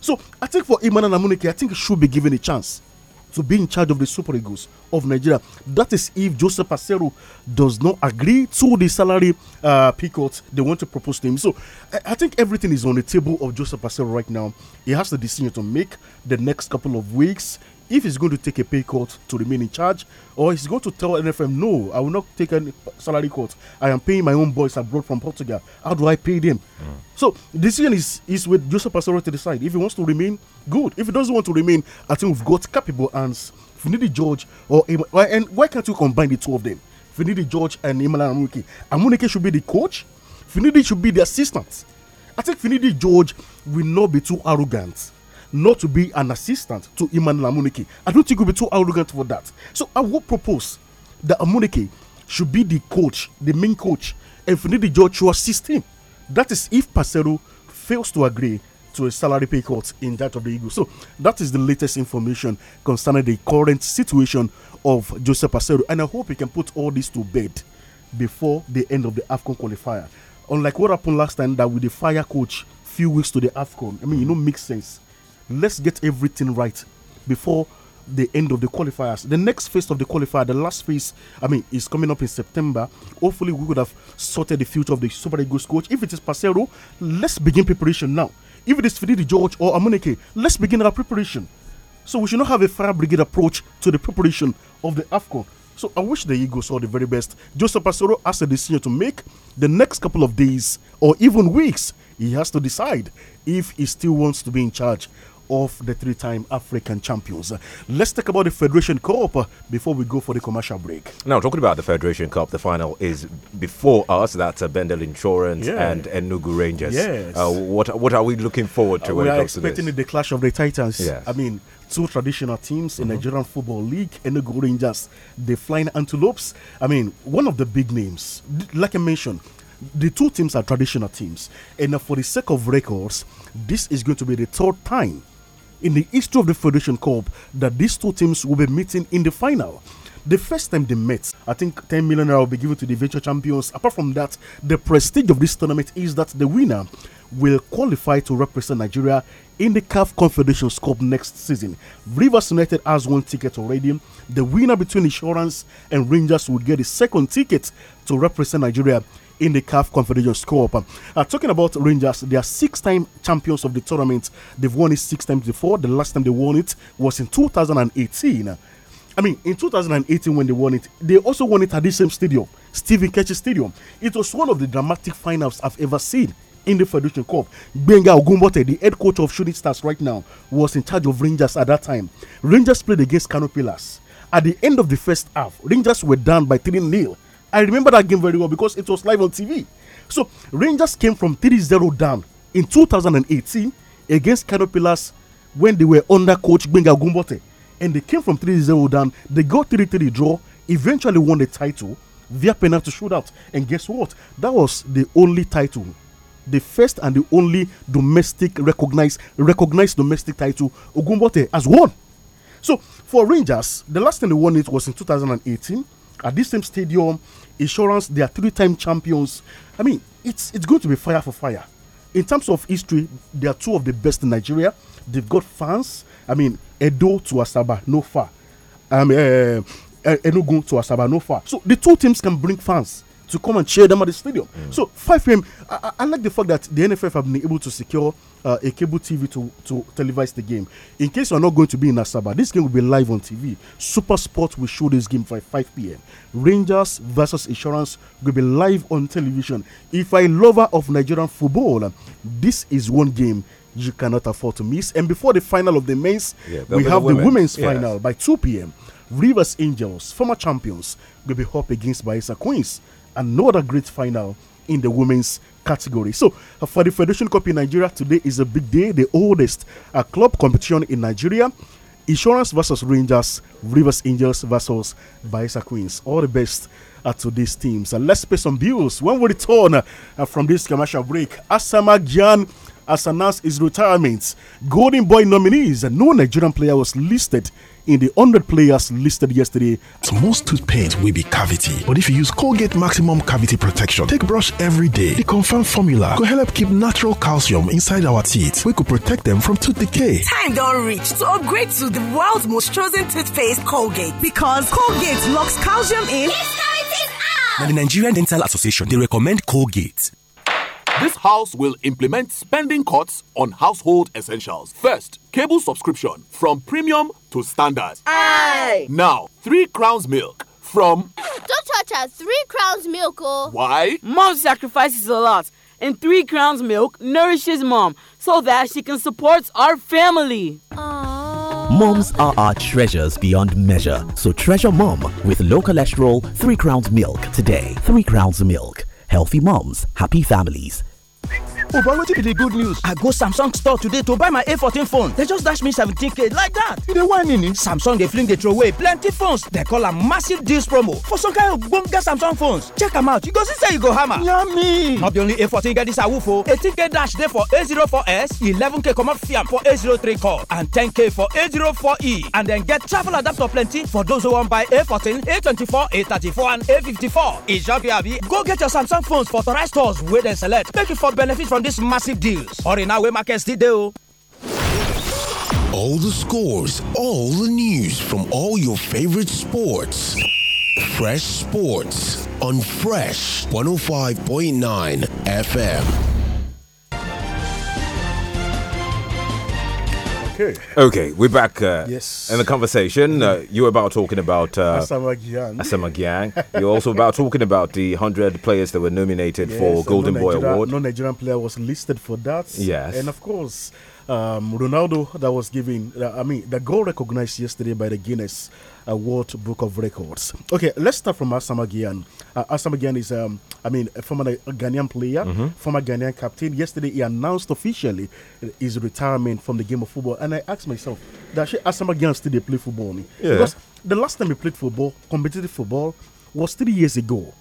So I think for and Amunike, I think he should be given a chance to be in charge of the Super Eagles of Nigeria. That is if Joseph Acero does not agree to the salary uh, out they want to propose to him. So I, I, think everything is on the table of Joseph Acero right now. He has the decision to make the next couple of weeks if he's going to take a pay cut to remain in charge, or he's going to tell NFM, no, I will not take any salary cut. I am paying my own boys abroad from Portugal. How do I pay them? Mm. So the decision is is with Joseph Pastore to decide. If he wants to remain, good. If he doesn't want to remain, I think we've got capable hands. If we need a judge or and why can't you combine the two of them? If we need a judge and Imala Amunike, Amunike should be the coach. Finidi should be the assistant. I think Finidi George will not be too arrogant not to be an assistant to Iman Lamuniki. I don't think we'll be too arrogant for that. So I would propose that Amuniki should be the coach, the main coach, and the George to assist him. That is if Pacero fails to agree to a salary pay cut in that of the Eagles. So that is the latest information concerning the current situation of Joseph Pacero. And I hope he can put all this to bed before the end of the AFCON qualifier. Unlike what happened last time that with the fire coach few weeks to the AFCON, I mean, you know, it do sense Let's get everything right before the end of the qualifiers. The next phase of the qualifier, the last phase, I mean, is coming up in September. Hopefully, we could have sorted the future of the Super Eagles coach. If it is Pacero, let's begin preparation now. If it is Fididi George or Amunike, let's begin our preparation. So we should not have a fire brigade approach to the preparation of the AFCON. So I wish the Eagles all the very best. Joseph Pacero has a decision to make the next couple of days or even weeks. He has to decide if he still wants to be in charge of the three time African champions. Let's talk about the Federation Cup before we go for the commercial break. Now, talking about the Federation Cup, the final is before us. That's uh, Bendel Insurance yeah. and Enugu Rangers. Yes. Uh, what, what are we looking forward to uh, when it comes to this? We are expecting the clash of the Titans. Yes. I mean, two traditional teams in mm -hmm. Nigerian Football League, Enugu Rangers, the Flying Antelopes. I mean, one of the big names. Like I mentioned, the two teams are traditional teams. And for the sake of records, this is going to be the third time in the history of the Federation Cup that these two teams will be meeting in the final. The first time they met, I think 10 million will be given to the venture champions. Apart from that, the prestige of this tournament is that the winner will qualify to represent Nigeria in the CAF Confederation Cup next season. Rivers United has one ticket already. The winner between Insurance and Rangers will get a second ticket to represent Nigeria in the CAF Confederation co Uh, talking about Rangers, they are six-time champions of the tournament. They've won it six times before. The last time they won it was in 2018. I mean, in 2018 when they won it, they also won it at this same stadium, Stephen Ketchy Stadium. It was one of the dramatic finals I've ever seen in the Federation Cup. Benga Ogumbote, the head coach of Shooting Stars right now, was in charge of Rangers at that time. Rangers played against Canopilas. At the end of the first half, Rangers were down by 3 0 I remember that game very well because it was live on TV. So Rangers came from 3-0 down in 2018 against Pillars when they were under coach Benga Gumbote. And they came from 3-0 down. They got 3-3 draw, eventually won the title via penalty shootout. And guess what? That was the only title, the first and the only domestic recognized recognized domestic title Ogumbote has won. So for Rangers, the last time they won it was in 2018 at this same stadium. Insurance, they are three-time champions. I mean, it's it's going to be fire for fire. In terms of history, they are two of the best in Nigeria. They've got fans. I mean, Edo to Asaba, no far. mean, uh, Enugu to Asaba, no far. So the two teams can bring fans to come and cheer them at the stadium. Mm. So 5 p.m. I, I, like the fact that the NFF have been able to secure uh, a cable TV to to televise the game. In case you're not going to be in Asaba, this game will be live on TV. Super Sport will show this game by 5 p.m. Rangers versus Insurance will be live on television. If I lover of Nigerian football, this is one game you cannot afford to miss. And before the final of the men's, yeah, we have the women's, the women's yes. final by 2 p.m. Rivers Angels, former champions, will be up against Baisa Queens another great final in the women's category. So, uh, for the Federation Cup in Nigeria, today is a big day, the oldest uh, club competition in Nigeria. Insurance versus Rangers, Rivers Angels versus Baisa Queens. All the best uh, to these teams. Uh, let's pay some bills. When we return uh, from this commercial break, Asama Gyan has announced his retirement. Golden Boy nominees, no Nigerian player was listed in the 100 players listed yesterday. Most toothpaste will be cavity, but if you use Colgate Maximum Cavity Protection, take brush every day. The confirmed formula could help keep natural calcium inside our teeth. We could protect them from tooth decay. Time don't reach to upgrade to the world's most chosen toothpaste, Colgate, because Colgate locks calcium in. Now, the Nigerian Dental Association, they recommend Colgate. This house will implement spending cuts on household essentials. First, cable subscription from premium to standard. Aye. Now, three crowns milk from. Don't touch us. Three crowns milk, oh. Why? Mom sacrifices a lot, and three crowns milk nourishes mom so that she can support our family. Moms are our treasures beyond measure, so treasure mom with low cholesterol, three crowns milk today. Three crowns milk. Healthy moms, happy families. Oh, but wetin be the good news? I go samsung store today to buy my a14 phone, They just dash me 17k like that. You dey whine nini? Samsung dey fling dey throw away plenty phones, dem call am massive deals promo for some kind ogbonge Samsung phones. Check am out, you go see say you go hammer. Yummy! Not be only a14 get this awoof o, 18k dash dey for a04s, 11k comot fiam for a03 call and 10k for a04e and dem get travel adapter plenty for those who wan buy a14, a24, a34 and a54. E sure be abi. Go get your Samsung phones for authorized stores wey dem select make you for benefit from these massive deals. Hurry now, Waymarket still do. All the scores, all the news from all your favorite sports. Fresh Sports on Fresh 105.9 FM. Okay. Okay, we're back. Uh, yes. In the conversation, uh, you were about talking about uh, Asamagian. You're also about talking about the hundred players that were nominated yes, for Golden Boy Award. No Nigerian player was listed for that. Yes. And of course, um, Ronaldo that was given, uh, I mean, the goal recognized yesterday by the Guinness uh, World Book of Records. Okay, let's start from Asamagian. Uh, Asamagian is, um, I mean, a former Ghanaian player, mm -hmm. former Ghanaian captain. Yesterday, he announced officially his retirement from the game of football. And I asked myself, does Asamagian still play football? Yeah. Because the last time he played football, competitive football, was three years ago.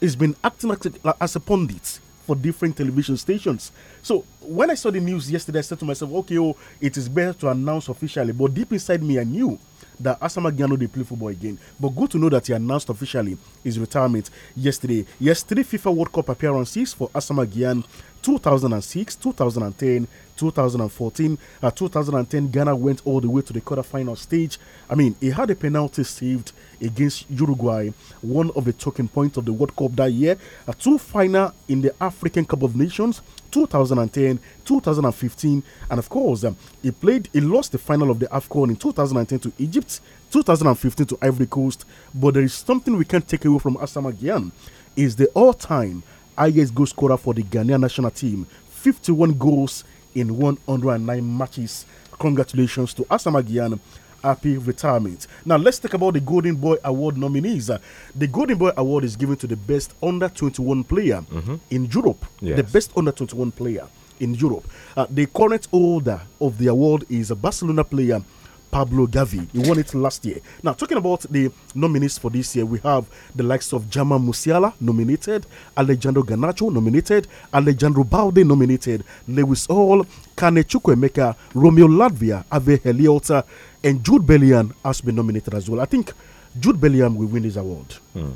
He's been acting as a pundit for different television stations. So when I saw the news yesterday, I said to myself, okay, oh, it is better to announce officially. But deep inside me, I knew that Asama Gyano they play football again. But good to know that he announced officially his retirement yesterday. Yes, three FIFA World Cup appearances for Asama Gyan 2006, 2010, 2014. Uh, 2010, Ghana went all the way to the quarterfinal stage. I mean, he had a penalty saved against Uruguay, one of the talking points of the World Cup that year. Uh, two final in the African Cup of Nations 2010, 2015, and of course, um, he played, he lost the final of the AFCON in 2010 to Egypt, 2015 to Ivory Coast. But there is something we can't take away from Asama Gyan is the all time highest goal scorer for the Ghanaian national team 51 goals in 109 matches. Congratulations to Asama Gyan happy retirement. Now, let's talk about the Golden Boy Award nominees. Uh, the Golden Boy Award is given to the best under 21 player mm -hmm. in Europe. Yes. The best under 21 player in Europe. Uh, the current holder of the award is a Barcelona player Pablo Gavi. He won it last year. Now, talking about the nominees for this year, we have the likes of Jama Musiala nominated, Alejandro Ganacho nominated, Alejandro Balde nominated, Lewis Hall, Kane Chukwemeka, Romeo Latvia, Ave Heliota, and Jude Bellian has been nominated as well. I think Jude Bellian will win this award. Hmm.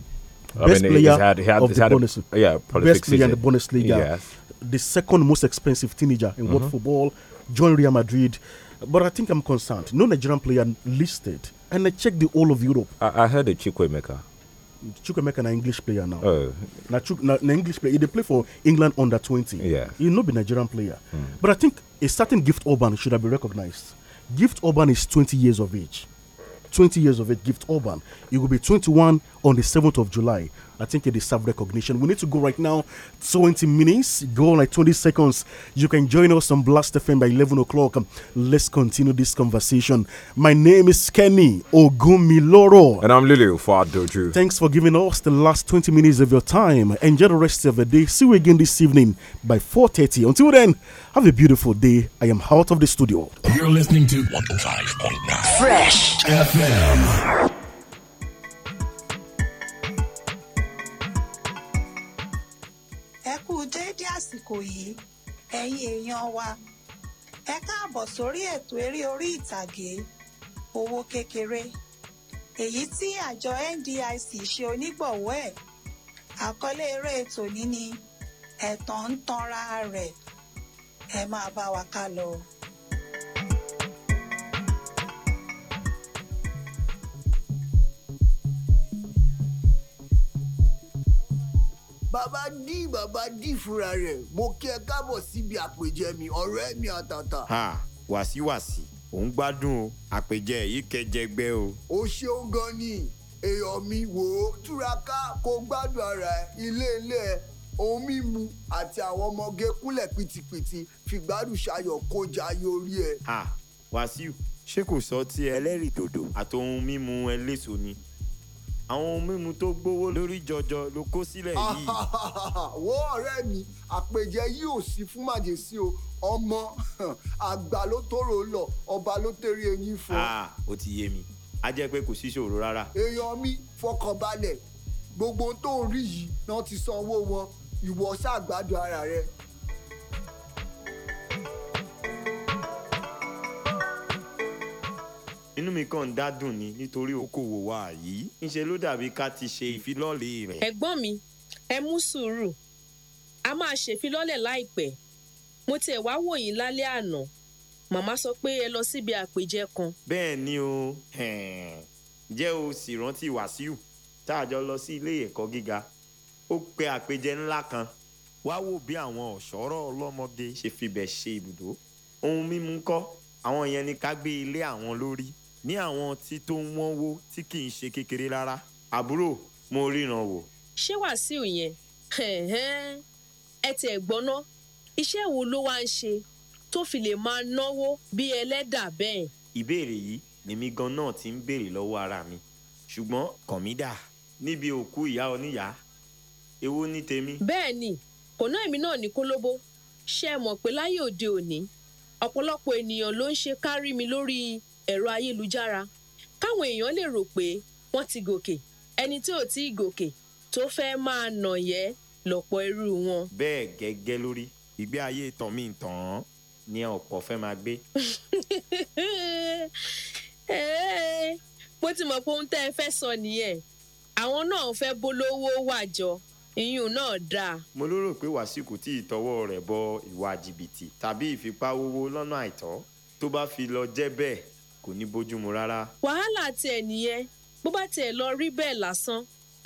Best I mean, player he's had, he had, of the Bundesliga. Yeah, best player in the Bundesliga. Yes the second most expensive teenager in mm -hmm. world uh-huh. football, join Real Madrid. But I think I'm concerned. No Nigerian player listed. And I checked the whole of Europe. I, I heard a Chukwemeka. Chukwemeka an English player now. Oh. Na, Chuk, English player. They play for England under 20. Yeah. He'll not be Nigerian player. Mm. But I think a certain Gift Urban should have been recognized. Gift Urban is 20 years of age. 20 years of age, Gift Urban. He will be 21 on the 7th of July. I think it deserves recognition. We need to go right now, 20 minutes, go like 20 seconds. You can join us on Blast FM by 11 o'clock. let's continue this conversation. My name is Kenny Ogumiloro. And I'm Lily Ufadoju. Thanks for giving us the last 20 minutes of your time. Enjoy the rest of the day. See you again this evening by 4.30. Until then, have a beautiful day. I am out of the studio. You're listening to 105.9 Fresh FM. lásìkò yìí ẹ̀yin èèyàn wa ẹ káàbọ̀ sórí ètò eré orí ìtàgé owó kékeré èyí tí àjọ NDIC ṣe onígbọ̀wọ́ ẹ̀ àkọlé eré ètò ní ni ẹ̀tàn ń tanra rẹ̀ ẹ máa bá wa ká lọ. bàbá dí bàbá dí fúnra rẹ̀ mo kí ẹ káàbọ̀ síbi àpèjẹ mi ọ̀rẹ́ mi àtàtà. ha wàsíwàsí ò ń gbádùn o àpèjẹ yìí kẹjẹgbẹ o. o ṣeun gan ni èèyàn mi wò ó túraká kó gbádùn ara ilé ilé ẹ ohun mímu àti àwọn ọmọge kúnlẹ̀ pìtìpìtì fìgbádùn ṣayọ̀ kó jayé orí ẹ. ha wàsíù ṣé kò sọ ti ẹlẹ́rìí dòdò àtohun mímu ẹlẹ́sọ ni àwọn ohun mímu tó gbówó lórí jọjọ ló kó sílẹ̀ ah, yìí. Ah, ah, wo ọ̀rẹ́ mi àpèjẹ yìí ò sí fún màjèsí o ọmọ àgbà ló tóró lọ ọba ló tẹ̀rí eyín fún. ó ti yé mi a jẹ́ pé kò síṣòro rárá. èèyàn mi fọkàn balẹ̀ gbogbo ohun tó ń rí yìí náà ti sanwó wọn ìwọ ṣàgbádùn ara rẹ inú mi kàn ń dádùn ni nítorí okòwò wa yìí ńṣe ló dàbí ká ti ṣe ìfilọ́lẹ̀ rẹ̀. ẹ̀gbọ́n mi ẹ mú sùúrù a máa ṣèfilọ́lẹ̀ láìpẹ́ mo tiẹ̀ wá wò yín lálẹ́ àná màmá sọ pé ẹ lọ síbi àpèjẹ kan. bẹ́ẹ̀ ni o jẹ́ o sì rántí wàsíù tá a jọ lọ sí ilé ẹ̀kọ́ gíga ó pe àpèjẹ ńlá kan wá wò bí àwọn ọ̀ṣọ́rọ̀ ọlọ́mọge ṣe fibẹ̀ ṣe ibùdó ohun mímu kọ́ àwọn yẹn ni ká gbé ilé àwọn lórí ní àwọn tí tó ń wọ́n wó tí kì í ṣe kékeré rárá àbúrò mo ríran wò. ṣé wàsíù yẹn ẹ tiẹ̀ gbọ́n ná iṣẹ́ wo ló wá ń ṣe tó fi lè máa náwó bí ẹlẹ́dà bẹ́ẹ̀. ìbéèrè yìí lèmi gan náà ti ń béèrè lọ́wọ́ ara mi ṣùgbọ́n kọ̀mídà níbi òkú ìyá oníyàá èwo ní tèmi. bẹ́ẹ̀ ni kò ná èmi náà ní kólóbó ṣé ẹ mọ̀ pé láyé òde òní ọ̀pọ̀lọpọ̀ ènìyàn ló ń ṣe kárí mi lórí ẹ̀rọ ayélujára káwọn èèyàn lè rò pé wọ́n ti gòkè ẹni tí ò tí ì gòkè tó fẹ́ máa nàyẹ́ lọ́pọ̀ irú wọn. bẹ́ẹ̀ gẹ́gẹ́ lórí ìgbé ayé ìtàn mi ìtàn án ni ọ̀pọ̀ fẹ́ máa gbé. mo ti mọ̀ pé ohun tẹ́ ẹ fẹ́ sọ nìyẹn àwọn náà fẹ́ bólówó wàjọ iyùn náà dáa. mo lérò pé wàsíù kò tí ì tọwọ́ rẹ̀ bọ ìwà jìbìtì tàbí ìfipáwówó lọ́nà àìtọ́ tó bá fi lọ jẹ́ bẹ́ẹ̀ kò ní bójúmu rárá. wàhálà tiẹ̀ nìyẹn bó bá tiẹ̀ lọ rí bẹ́ẹ̀ lásán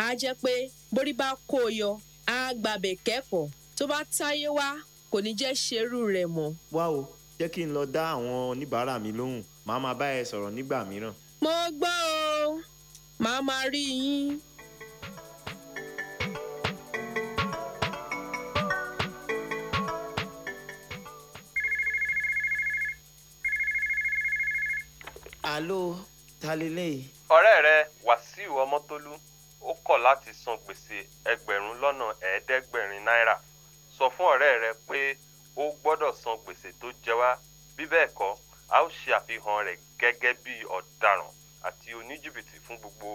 á jẹ́ pé borí bá kó o yọ á gbàbẹ̀ kẹ́kọ̀ọ́ tó bá táyé wá kò ní jẹ́ ṣerú rẹ̀ mọ́. wá o jẹ́ kí n lọ dá àwọn oníbàárà mi lóhùn màá máa bá ẹ sọ̀rọ̀ nígbà mìíràn. mo gbọ́ o màá máa rí yín. àlò talilẹ̀. ọ̀rẹ́ rẹ̀ wàsíù ọmọtólú ó kọ̀ láti san gbèsè ẹgbẹ̀rún lọ́nà ẹ̀ẹ́dẹ́gbẹ̀rin náírà sọ fún ọ̀rẹ́ rẹ̀ pé ó gbọ́dọ̀ san gbèsè tó jẹ wá bí bẹ́ẹ̀ kọ́ a ó ṣe àfihàn rẹ̀ gẹ́gẹ́ bí ọ̀daràn àti oníjìbìtì fún gbogbo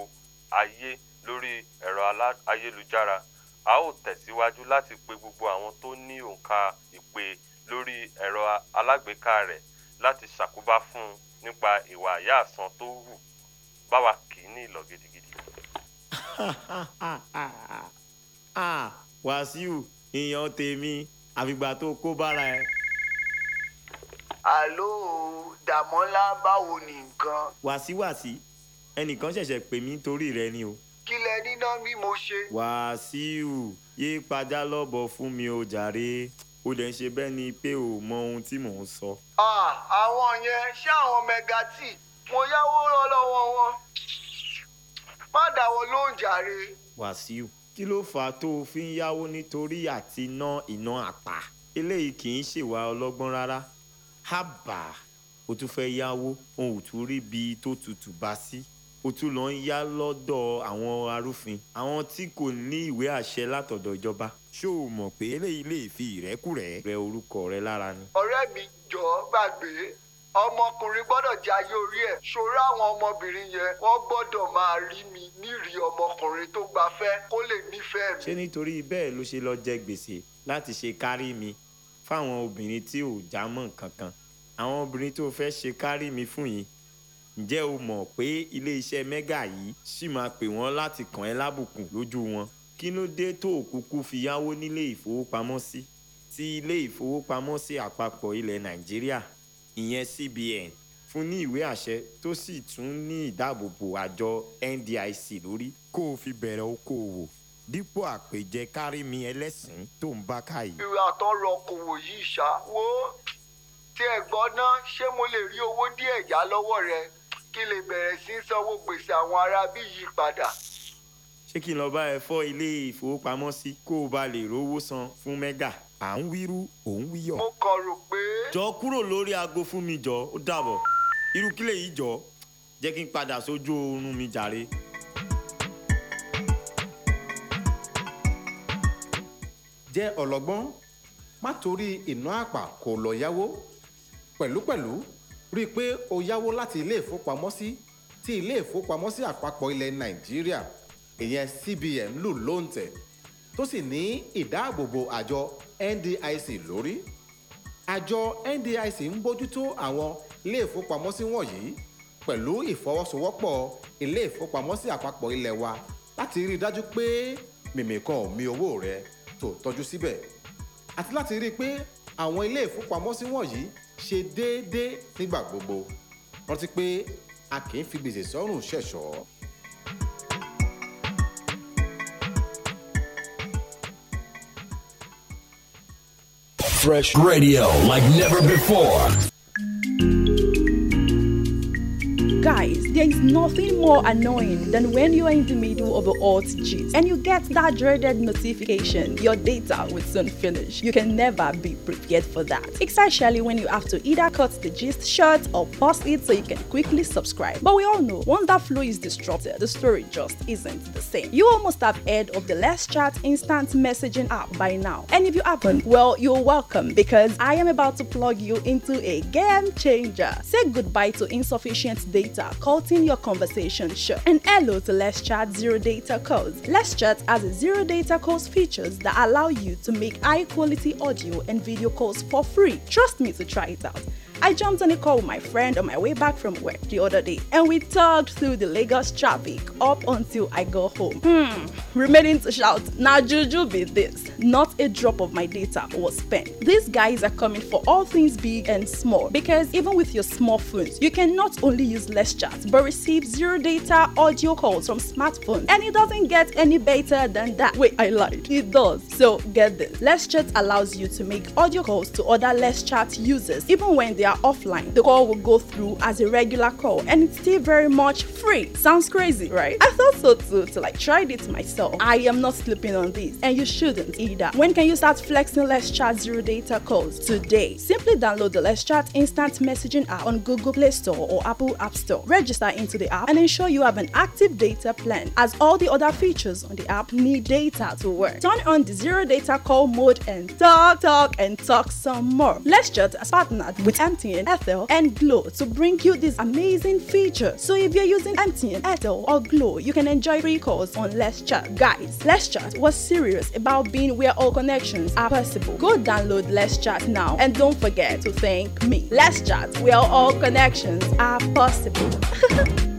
ayé lórí ẹ̀rọ ayélujára a ó tẹ̀síwájú láti pe gbogbo àwọn tó ní òǹkà ìpè lórí ẹ̀rọ alágbèéká rẹ̀ láti ṣàkóbá fún un nípa ìwà àyà àsan tó hù báwa kì í ní ìlọ gidigidi. Ah, wàsíù ìyàn tèmi àfìgbà tó kó bára ẹ. àló dàmọ́lá báwo ni nǹkan. wàsíwàsí ẹnìkan ṣẹ̀ṣẹ̀ pè mí torí rẹ ni o. kí lẹ níná bí mo ṣe. wàsíù yéé padà lọ́bọ̀ fún mi o jàre ó dẹ̀ ń ṣe bẹ́ẹ̀ ni pé o mọ ohun tí mò ń sọ. àwọn yẹn ṣé àwọn mega t mo yáwó lọ́wọ́ wọn má dáwọ́ ló ń jàre. wàsíù kí ló fà á tó o fi ń yáwó nítorí àti ná iná àpà eléyìí kì í ṣèwà ọlọ́gbọ́n rárá hábà o tún fẹ́ yáwó ohun ò tún rí bíi tó tutù bá sí. Si ó tún lọ ń yá lọ́dọ̀ àwọn arúfin àwọn tí kò ní ìwé àṣẹ látọ̀dọ̀ ìjọba ṣó o mọ̀ pé eléyìí lè fi ìrẹ́kùrẹ́ rẹ orúkọ rẹ lára ni. ọ̀rẹ́ mi jọ̀ọ́ gbàgbé ọmọkùnrin gbọ́dọ̀ jẹ ayé orí ẹ̀ ṣòro àwọn ọmọbìnrin yẹn wọ́n gbọ́dọ̀ máa rí mi nírìí ọmọkùnrin tó gbafẹ́ kó lè nífẹ̀ẹ́ mi. ṣé nítorí bẹ́ẹ̀ ló ṣe lọ jẹ gbèsè láti ṣe kárí mi fáwọn obìnrin tí ò já mọ́ nǹkan kan àwọn obìnrin tó fẹ́ ṣe kárí mi fún yìí ǹjẹ́ o mọ̀ pé iléeṣẹ́ mega yìí ṣì máa pè wọ́n láti kàn ẹ́ lábùkù lójú wọn kí ló dé tó kúkú fi yáwó nílé ìfowópamọ́sí ti ilé ìfowópamọ́sí àpapọ̀ ilẹ̀ nàìjíríà ìyẹn cbn fún ní ìwé àṣẹ tó sì tún ní ìdáàbòbò àjọ ndic lórí kó o fi bẹ̀rẹ̀ okòòwò dípò àpèjẹ kárìmí ẹlẹ́sìn tó ń bá káyìí. ìrà tó rọ kòwò yìí ṣá wo tí ẹ gbọ́ ná ṣé mo lè rí owó díẹ̀ yá lọ́wọ́ rẹ kí lè bẹ̀rẹ̀ sí í sanwó gbèsè àwọn aráabí yìí padà. ṣé kí n lọ bá ẹ fọ ilé ìfowópamọ́sí kó o bá lè rówó san fún mẹ́gà à ń wíru òun wíyọ̀. mo kàn rò pé. jọ kúrò lórí aago fún mi jọ ó dàbọ̀ irú kílẹ̀ yìí jọ jẹ́ kí n padà sójú oorun mi jàre. jẹ́ ọlọ́gbọ́n má torí ìná àpà kò lọ yáwó pẹ̀lúpẹ̀lú. Pẹ̀lú, pẹ̀lú rí i pé o yáwó láti ilé ìfowópamọ́sí ti ilé ìfowópamọ́sí àpapọ̀ ilẹ̀ nàìjíríà ìyẹn CBN lù lóǹtẹ̀ tó sì ní ìdáàbòbò àjọ NDIC lórí àjọ NDIC ń bójútó àwọn ilé ìfowópamọ́sí wọ̀nyí pẹ̀lú ìfọwọ́sowọ́pọ̀ ilé ìfowópamọ́sí àpapọ̀ ilẹ̀ wa láti rí i dájú pé mímìkan ò mi owó rẹ tó tọ́jú síbẹ̀ àti láti rí i pé àwọn ilé ìfowópamọ́sí wọ̀nyí ṣe nígbà gbogbo rántí pé a kì í fi gbèsè sọ́rùn ṣẹ̀ṣọ́. Fresh radio like never before. Guys, there is nothing more annoying than when you are in the middle of a hot gist and you get that dreaded notification your data will soon finish. You can never be prepared for that, especially when you have to either cut the gist short or pause it so you can quickly subscribe. But we all know once that flow is disrupted, the story just isn't the same. You almost have heard of the last Chat instant messaging app by now, and if you haven't, well, you're welcome because I am about to plug you into a game changer. Say goodbye to insufficient data Twitter, Culting Your Conversation Show. And hello to Let's Chat Zero Data calls. Let's Chat has a zero data calls features that allow you to make high quality audio and video calls for free. Trust me to try it out. I jumped on a call with my friend on my way back from work the other day and we talked through the Lagos traffic up until I got home. Hmm, remaining to shout, now Juju be this. Not a drop of my data was spent. These guys are coming for all things big and small because even with your smartphones, you can not only use less chat but receive zero data audio calls from smartphones and it doesn't get any better than that. Wait, I lied. It does. So get this. Less chat allows you to make audio calls to other less chat users even when they are are offline, the call will go through as a regular call and it's still very much free. Sounds crazy, right? I thought so too, till I tried it myself. I am not sleeping on this and you shouldn't either. When can you start flexing Let's Chat Zero Data calls? Today. Simply download the Let's Chat instant messaging app on Google Play Store or Apple App Store. Register into the app and ensure you have an active data plan as all the other features on the app need data to work. Turn on the zero data call mode and talk, talk, and talk some more. Let's chat as partnered with M MTN, Ethel, and Glow to bring you this amazing feature. So if you're using MTN, Ethel, or Glow, you can enjoy free calls on Let's Chat. Guys, Let's Chat was serious about being where all connections are possible. Go download Let's Chat now and don't forget to thank me. Let's Chat, where all connections are possible.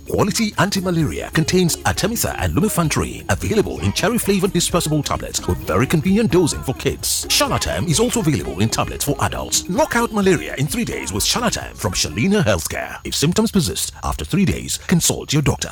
quality anti-malaria contains Artemisa and Lumefantrine, available in cherry-flavored dispersible tablets with very convenient dosing for kids. Shalatam is also available in tablets for adults. Knock out malaria in three days with Shalatam from Shalina Healthcare. If symptoms persist after three days, consult your doctor.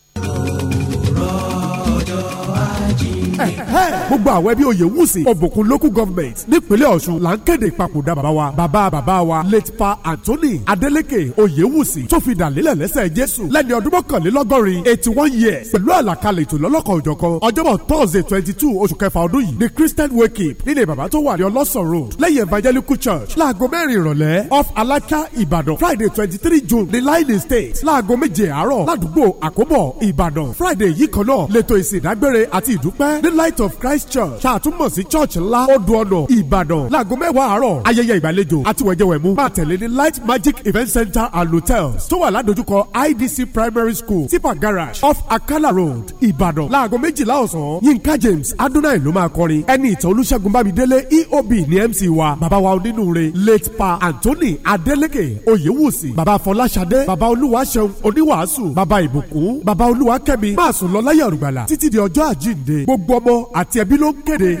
gbogbo àwọn ẹbí oyè wùsì ọ̀bùnkún local government nípínlẹ̀ ọ̀ṣun là ń kéde ìpapòdà bàbá wa bàbá bàbá wa late pa anthony adeleke wusi. tó fi dàlílẹ̀ lẹ́sẹ̀ jésù lẹ́ni ọdún mọ́kànlélọ́gọ́rin eighty one years pẹ̀lú àlàkalẹ̀ ètò lọ́lọ́kan òjọ̀kan ọjọ́bọ̀ thursday twenty two oṣù kẹfà ọdún yìí ni christian wake up nílé bàbá tó wà ní ọlọ́sàn road lẹ́yìn evangelical church láago mẹ́rin ìrọ̀lẹ́ off alaka ìbàdàn friday twenty three june ní line state láago méje àárọ̀ ládùúgbò àkóbọ̀ ìbàdàn friday yìí kan náà lẹ́tọ̀ ìsìn ìdágbére àti ìdúpẹ́ ní Light of Christ Church ṣàtúmọ̀ sí church ńlá odò ọ̀nà Ìbàdàn láago mẹ́wàá àárọ̀ ayẹyẹ ìgbàlejò àti wẹ̀jẹ̀wẹ̀mú máa tẹ̀lé ní Light Magic Event Center and Hotels tó wà ládojúkọ IDC Primary School Tipa Garage off Akala Road Ìbàdàn láago méjìlá ọ̀sán Yinka James Adúnáì ló máa kọrin ẹni ìtàn Olúṣẹ́gun Bámidélé EOB ní MC wa bàbá wa onínúure late pa Anthony Adeleke Oyewusi bàbá Fọláṣadé bàbá Olúwaṣeun oníwàásù bàbá Ìbùkún bàbá Olúwakẹ́mi máa sùn lọ láyé òrùgbàlà títí di ọjọ́ ọmọ àti ẹbí ló ń kéde.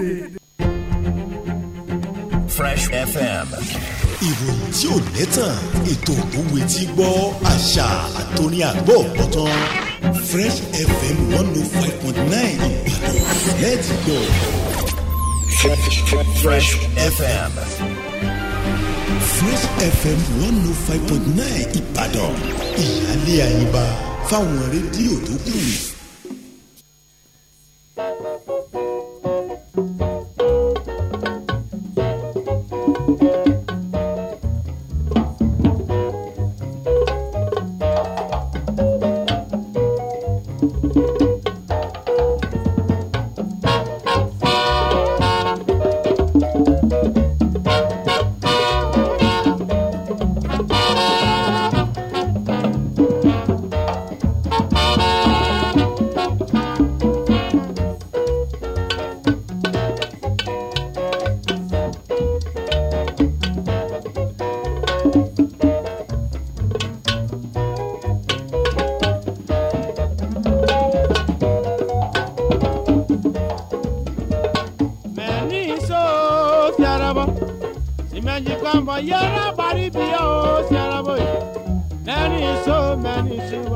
Fresh FM. ìròyìn tí ò lẹ́tàn ètò òwe tí gbọ́ àṣà àtòní àgbọ̀ ọ̀tán Fresh FM one oh five point nine Ìbàdàn let's go. Fresh FM. Fresh FM one oh five point nine Ìbàdàn ìyáálé àyíbá fáwọn rédíò tó kù. thank you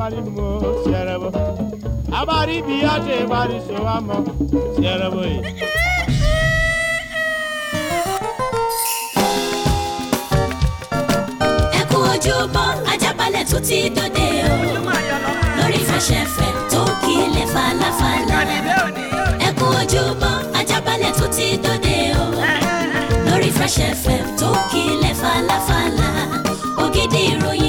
malimbo sierebo abari biate bari sowamo sierebo ẹ kú ojúmọ́ ajábalẹ̀ tó ti dòde o lórí fẹsẹ̀fẹ̀ tó kílẹ̀ falafala Eku kú ojúmọ́ ajábalẹ̀ tó ti dòde o lórí fẹsẹ̀fẹ̀ tó kílẹ̀ falafala ògidì ìròyìn.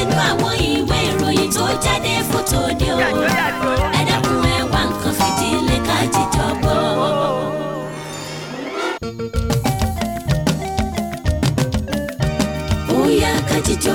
sínú àwọn ìwé ìròyìn tó jáde fún tòde o ẹ dákun nǹkan fìdílé ká jíjọ ó yá ká jíjọ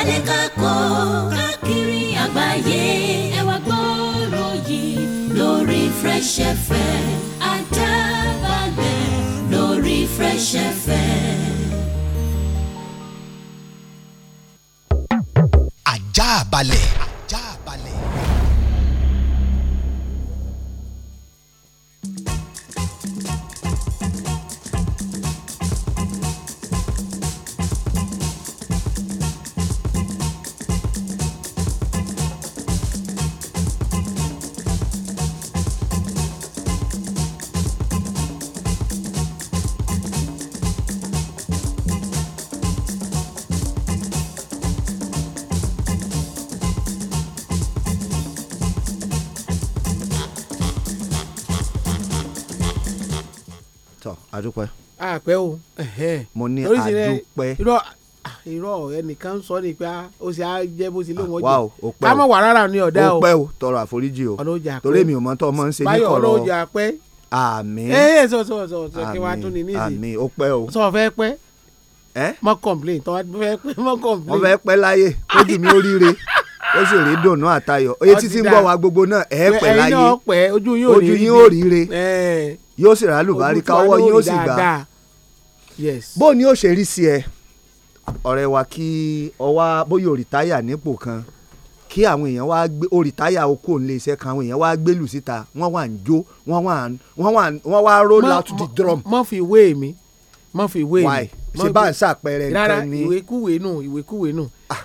adekako káàkiri àgbáyé ẹ wá gbọ́rọ̀ yìí lórí Fresh FM. dúpẹ́ o. mo ní àdúpẹ́. irọ́ irọ́ ẹnìkan ń sọ ni pé ó ṣe á jẹ́ bó ṣe ló ah, wọ́n jẹ́ ká mọ̀ wà rárá ni ọ̀dá o. ó pẹ́ o tọrọ àforíjì o torí mi ò mọ tó ọmọ ń ṣe ní kọ̀rọ̀ o. báyọ̀ ọlọ́jà pẹ́. àmín àmín àmín ó pẹ́ o. sọ fẹ́ pẹ́ mọ complain tọ́ fẹ́ pẹ́ mọ complain. wọ́n fẹ́ pẹ́ láyé ojú mi ó ríire ó sì rí dùnú àtayọ̀ oye títí ń bọ̀ wá gbogbo náà ẹ̀ pẹ́ láyé ojú yín ó ríire yóò sì rálùbáríkà ọwọ́ yín ó sì gbà yes. bó ni ó ṣe rí sí ẹ ọ̀rẹ́ wa kí ọwá bóyá òrìtáyà nípò kan kí àwọn èèyàn wá gbé òrìtáyà okó nílé iṣẹ́ kan àwọn èèyàn wá gbélù síta wọ́n wà ń jó wọ́n wà wọ́n wá roll out the drum. mọ fi ìwé mi mọ fi ìwé mi ṣe bá ń ṣàpẹẹrẹ nǹkan ni rárá ìwékúwé nù ìwékúwé nù. Ah,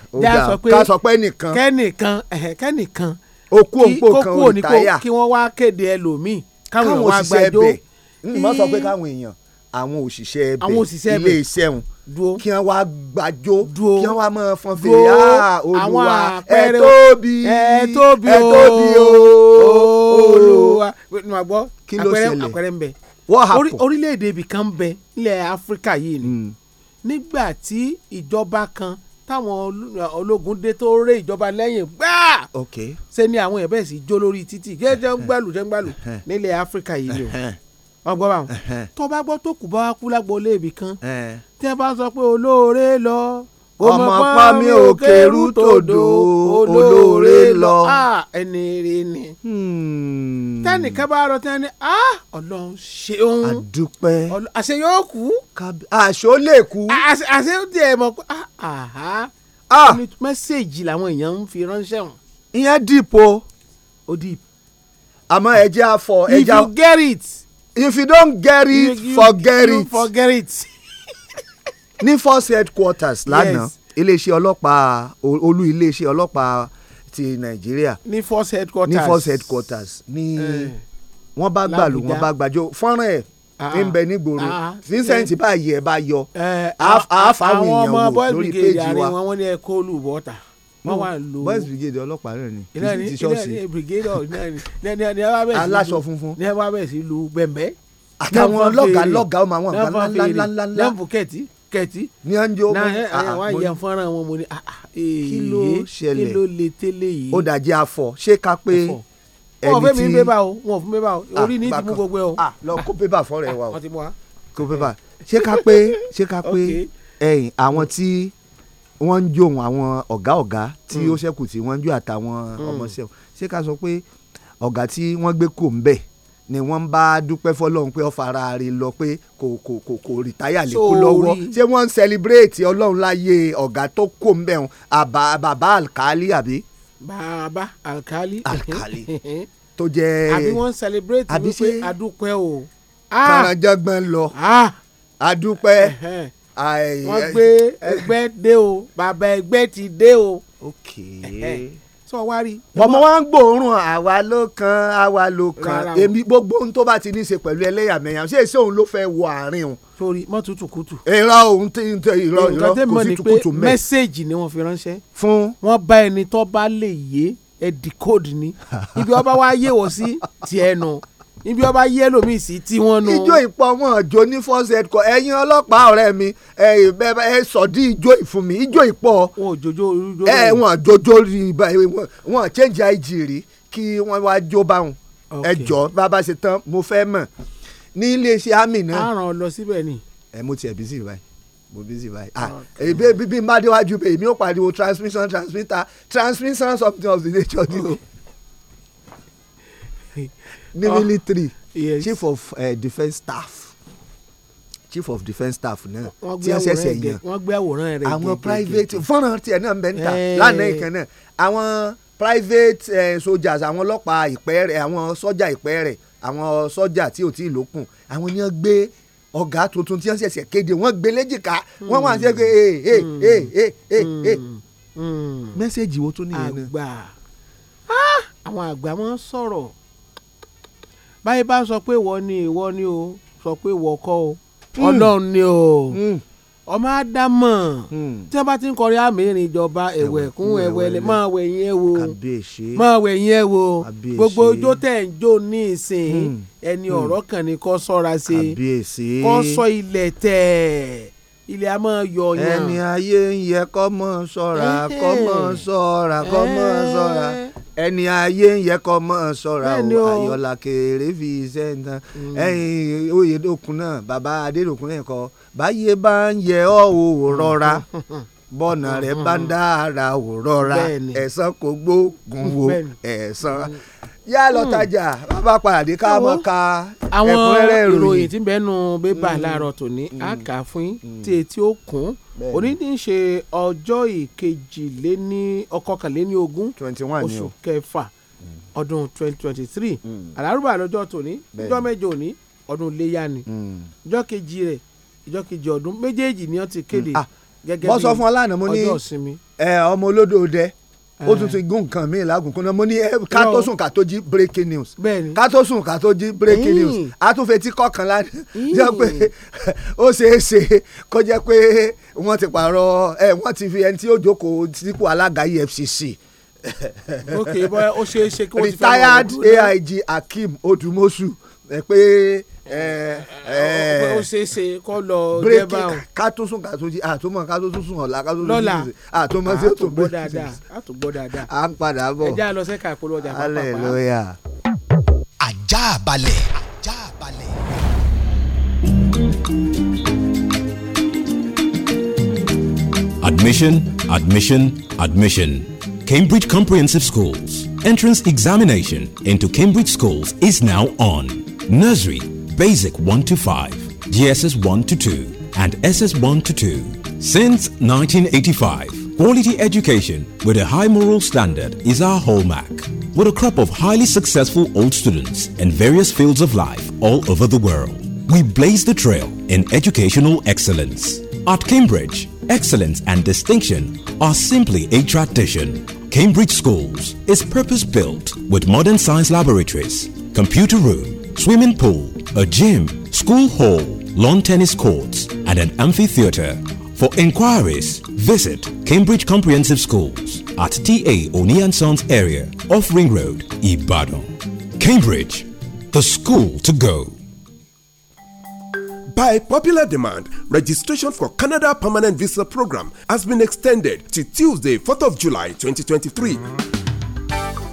ká sọ pé nìkan kẹ́nìkan kẹ́nìkan okú òǹpò kan òrìtáyà kí wọ́n wá kéde ẹlòmíì káwọn wá gbàjó. káwọn ṣiṣẹ́ bẹ̀ ń mọ sọ pé káwọn èèyàn àwọn òṣìṣẹ́ ẹbẹ̀ ilé iṣẹ́ wọn kí wọn wá gbàjó kí wọn wá mọ fọn fèrè ah, olúwa ẹ tóbi ẹ tóbi o olúwa nù àgbọ kí ló ṣẹlẹ̀ àpẹẹrẹ ń bẹ orílẹ̀-èdè ibì kan bẹ nílẹ̀ áfíríkà yìí ni hmm. nígbà tí ìjọba kan táwọn ológun dé tó ré ìjọba lẹ́yìn gbáà ṣe ni àwọn yẹn sì jó lórí títì eh, jẹ́ eh. jẹ́ eh, nílẹ̀ áfíríkà yìí ni o ọgbọ́n tó bá gbọ́ tó kù bá kú lágboolé ibì kan tí ẹ bá sọ pé olóore lọ ọmọ pa mi ò kẹrù tòdò olóore lọ. ẹni rí ni hmm. tẹnìkan bá rọ tẹni Ọlọ́run ṣeun àdúpẹ́ àṣẹ yóò kú àṣẹ ó lè kú àṣẹ ó tiẹ̀ mọ̀ pé mẹ́sẹ̀gì làwọn èèyàn ń fi ránṣẹ́ wọn. ìyẹn dìpọ̀ àmọ́ ẹ jẹ́ àfọ̀ ẹ jẹ́ if you get it if you don get it forget it forget it. ní force headquarters lánàá iléeṣẹ́ ọlọ́pàá olú iléeṣẹ́ ọlọ́pàá ti nàìjíríà ní force headquarters ní force headquarters ní eh. wọ́n bá gbàlù wọ́n bá gbàjọ fọ́nrán ẹ̀ ah. ń bẹ nígboro vincent ah. báyìí ẹ̀ bá yọ eh, àáfàá àwọn èèyàn wò lórí péjì wa. àwọn ọmọ bọ́ọ̀lù gèdè àárín wọn wọ́n ẹ kó olú bọ́ta wọ́n wà lò ó. boys brigade ọlọ́pàá náà ni kì í ti ṣọ́ọ̀ṣì. ilé brigade náà ni aláṣọ funfun. ní ẹ bá bẹ̀rẹ̀ sí lu bẹ̀m̀bẹ̀. àtàwọn ọlọ́gàá lọ́gàá ọmọ àwọn àgbà ńláńláńlá. lẹ́ǹfù kẹ̀tì kẹ̀tì. ní à ń jó mọ́ àwọn àwọn àyẹ̀ fọ́nrán wọn mo ní. Ah, ah, eh, kí ló eh, ṣẹlẹ̀ kí ló le tẹ́lẹ̀ yìí. ó dàjẹ́ afọ ṣé ká pé ẹni tí. wọn ò fẹ́ mi bébà o wọn ò fún bébà o orí ní ìdìbò gbogbo ẹ o. Ah, lọ kó bébà fọ́ọ̀rẹ́ wa o kó bébà ṣé ká pé ṣé ká pé ẹ̀yìn àwọn tí wọ́n ń jó àwọn ọ̀gá ọ̀gá tí hmm. ó ṣẹ́kù tí wọ́n ń jó àtàwọn hmm. ọmọọṣẹ́ ṣé ká sọ pé ọ̀gá tí wọ́n gbé kò ń bẹ̀ ni wọ́n bá dúpẹ́ fọlọ́run pé ọ̀fà ara rẹ̀ lọ pé kò kò kò kò rìtáyà lè kú lọ́wọ́ ṣé wọ́n ń sẹlibréètì ọlọ́run láyé ọ̀gá tó kò ń bẹ̀ bàbá alkali àbí. bàbá alkali. alkali tó jẹ́ àbí wọ́n ń sẹlibréètì wípé adúpẹ́ o. kàràjàgbọ́n lọ adúpẹ́. Ah! wọ́n gbé ẹgbẹ́ dé o bàbá ẹgbẹ́ ti dé o. ok sọ wá rí. ọmọ wa ń gbòòrùn àwa ló kan àwa ló kan èmi gbogbo ohun tó bá ti ní í ṣe pẹ̀lú ẹlẹ́yàmẹ̀yà ṣé èsì òun ló fẹ́ wọ àárín òun. sori mọ tutu kutu. irọ́ òun tí ń tẹ irọ́ irọ́ kò sí tukutu mẹ́. mẹ́sẹ̀gì ni wọ́n fi ránṣẹ́. fún. wọ́n bá ẹni tó bá lè yé ẹ decode ni ibi ọba wa yé wọ sí tiẹ̀ nù níbi ọba yẹ́lò mi sí tí wọ́n nu. ijó ìpọ̀ wọn jò ní first aid kọ ẹ̀yin ọlọ́pàá ọ̀rẹ́ mi ẹ sọ̀dí ijó ìfún mi ijó ìpọ̀. wọn ò jojo ijó rẹ. ẹ wọn jojo rí wọn change ig rí kí wọ́n wá jó báwọn ẹ jọ bàbá ṣe tán mo fẹ́ mọ̀ ní iléeṣẹ́ àmì náà. a ràn ọ lọ síbẹ̀ ni. ẹ mo tiẹ̀ bí sí báyìí mo busy báyìí ah ebi bí mbadéwájú bẹ́ẹ̀ mi ò pariwo transmission transmitter transmission something of the nature ní ah, military chief of uh, eh, defence staff chief of defence staff náà tí ẹ ṣẹ̀ṣẹ̀ yàn wọ́n gbé àwòrán rẹ̀ àwọn private fọ́nrán tiẹ̀ náà ń bẹ ń ta eh. lánàá ìkan náà àwọn private uh, soldiers àwọn ọlọ́pàá ìpẹ́ rẹ̀ àwọn sọ́jà ìpẹ́ rẹ̀ àwọn sọ́jà tí ò tí ì lókun àwọn ni wọ́n gbé ọ̀gá tuntun tí wọ́n ṣẹ̀ṣẹ̀ kéde wọ́n gbé léjìká wọ́n wà ṣe pé ee ee ee ee ee mẹ́sẹ̀gì wo tún nìyẹn náà. àgbà ah, àwọn àgbà wọn sọ̀rọ̀ báyìí bá sọ pé ìwọ ni ìwọ ni o sọ pé ìwọ kọ́ o hmm. ọlọ́run ni o hmm. ọmọ ádámọ̀ hmm. tí wọ́n bá ti ń kọrin àmìrìn ìjọba ẹ̀wẹ̀ kún ẹ̀wẹ̀ lẹ̀ máa wẹ̀ yín ẹ̀ wò máa wẹ̀ yín ẹ̀ wò gbogbo ojó tẹ̀ ń jó ní ìsìn ẹni ọ̀rọ̀ kan ni kó sọ́ra sí kó sọ ilẹ̀ tẹ̀ ilẹ̀ a máa yọ yàn. ẹni ayé ń yẹ kó mọ́ sọ́ra kó mọ́ sọ́ra kó mọ́ sọ́ra. Eh. ẹni ayé ń yẹ kọ́ mọ́ sọ́ra o ayọ̀lá kèrè fi iṣẹ́ ń tan mm. ẹ̀yìn oyèdókun náà bàbá adédòkun náà kọ́ báyé bá ń yẹ ọ́ o rọra bọ́nà rẹ̀ bá ń dára o rọra kò gbógun wo yá lọ hmm. tajà bàbá pàdé ká mọ ká ẹ̀kúnrẹ́rẹ́ ìròyìn. àwọn ìròyìn tí bẹ́ẹ̀ nu bébà hmm. láàárọ̀ tòní hmm. á kà fún tí etí ó kún òní ní í ṣe ọjọ́ ìkejìléní ọ̀kọ̀kànléní ogún oṣù kẹfà ọdún twenty twenty three alárùbá lọ́jọ́ tòní ọjọ́ mẹ́jọ òní ọdún léyà ni ọjọ́ kejì rẹ̀ ọjọ́ kejì ọdún méjèèjì ni wọ́n ti kéde ah, gẹ́gẹ́ bí ọjọ́ ìsinmi. bọ́sọ̀ fún ọ lánàá mo ní ọmọ olódò dẹ́ ó tún ti gún nǹkan míì lágùnkún náà mo ní ká sùn ká jí breaking news ká tó sùn ká jí breaking news a tún fetí kọkànlá jẹ́ pé ó ṣeé ṣe kó jẹ́ pé wọ́n ti pààrọ̀ ẹ̀ wọ́n ti fi ẹni tí ó jókòó sípò alága EFCC ok bọ́ẹ̀ ó ṣeé kí wọ́n ti fẹ́ retired AIG Akeem Odumosu ẹ pé Eh, ó ṣeé eh. ṣe kọ́ lọ gẹ́bà o. ká tó sùn ká tó jí àtúmọ̀ ká tó sùn ọ̀la ká tó sùn sí àtúmọ̀ sí òtún bó dáadáa àtúgbọ́ dáadáa. à ń padà bọ̀ ẹja lọ sẹ́ka ìpolówó ọjà pápá. hallelujah. ajá balẹ̀. ajá balẹ̀. Admission, admission, admission. Cambridge Comprehensive Schools. Entrance examination into Cambridge schools is now on. Nursery Basic 1 to 5, GSS 1 to 2, and SS 1 to 2. Since 1985, quality education with a high moral standard is our hallmark. With a crop of highly successful old students in various fields of life all over the world, we blaze the trail in educational excellence. At Cambridge, excellence and distinction are simply a tradition. Cambridge Schools is purpose built with modern science laboratories, computer room, swimming pool, a gym, school hall, lawn tennis courts, and an amphitheater. For inquiries, visit Cambridge Comprehensive Schools at TA Oni and Sons area off Ring Road, Ibadan. Cambridge, the school to go. By popular demand, registration for Canada Permanent Visa Program has been extended to Tuesday, 4th of July 2023.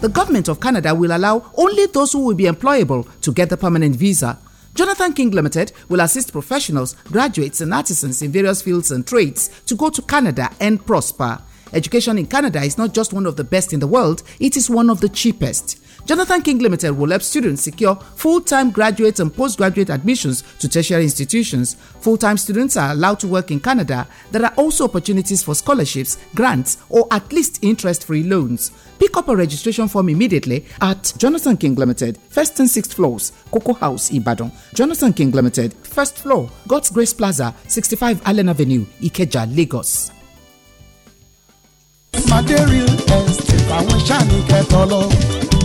The government of Canada will allow only those who will be employable to get the permanent visa Jonathan King Limited will assist professionals, graduates, and artisans in various fields and trades to go to Canada and prosper. Education in Canada is not just one of the best in the world, it is one of the cheapest. Jonathan King Limited will help students secure full-time graduate and postgraduate admissions to tertiary institutions. Full-time students are allowed to work in Canada. There are also opportunities for scholarships, grants, or at least interest-free loans. Pick up a registration form immediately at Jonathan King Limited, first and sixth floors, Coco House, Ibadan. Jonathan King Limited, first floor, God's Grace Plaza, 65 Allen Avenue, Ikeja, Lagos.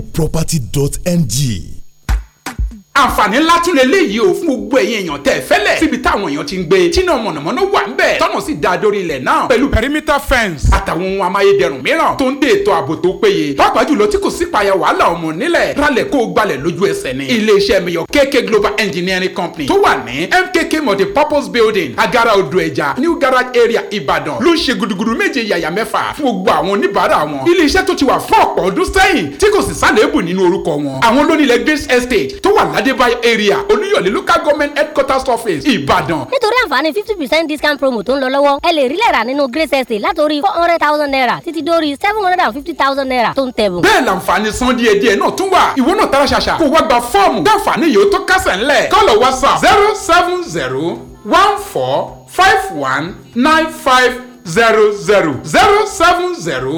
adproperty.ng àǹfààní ńlá tún lè léyìí o fún gbogbo ẹ̀yin èèyàn tẹ̀ fẹ́lẹ̀ síbi táwọn èèyàn ti ń gbé tí náà mọ̀nàmọ́ná wà ń bẹ̀ tọ́nà sì da dórí ilẹ̀ náà pẹ̀lú perimeter fence àtàwọn ohun amáyédẹrùn mìíràn tó ń dé ètò ààbò tó péye pàápàá jùlọ tí kò sí payà wàhálà ọmọ nílẹ̀ ralẹ̀ kó o gbalẹ̀ lójú ẹsẹ̀ ni iléeṣẹ́ mayor KK Global Engineering Company tó wà ní MKK multi purpose building agara odò new garage area Ìbàdàn ló ń ṣe gudugudu méje yàyà mẹ́fà fún gbogbo àwọn oníbàárà wọn iléeṣẹ́ tó ti wà fún ọ̀pọ̀ ọdún sẹ́yìn tí kò sì sálẹ̀ èbù nínú Estate tó wà lá adébáyọ̀ area olúyọ̀lé local government headquarters office ìbàdàn. nítorí àǹfààní fifty percent discount promo tó ń lọ lọ́wọ́ ẹ lè rí lẹ́ra nínú grace estate látòrí four hundred thousand naira títí dórí seven hundred and fifty thousand naira tó ń tẹ̀bù. bẹ́ẹ̀ làǹfààní san díẹ̀ díẹ̀ náà tún wà ìwọ náà tara ṣàṣà kó wá gba fọ́ọ̀mù dáǹfààní yìí ó tó kásẹ̀ ńlẹ̀ kọ́lọ̀ whatsapp zero seven zero one four five one nine five zero zero zero seven zero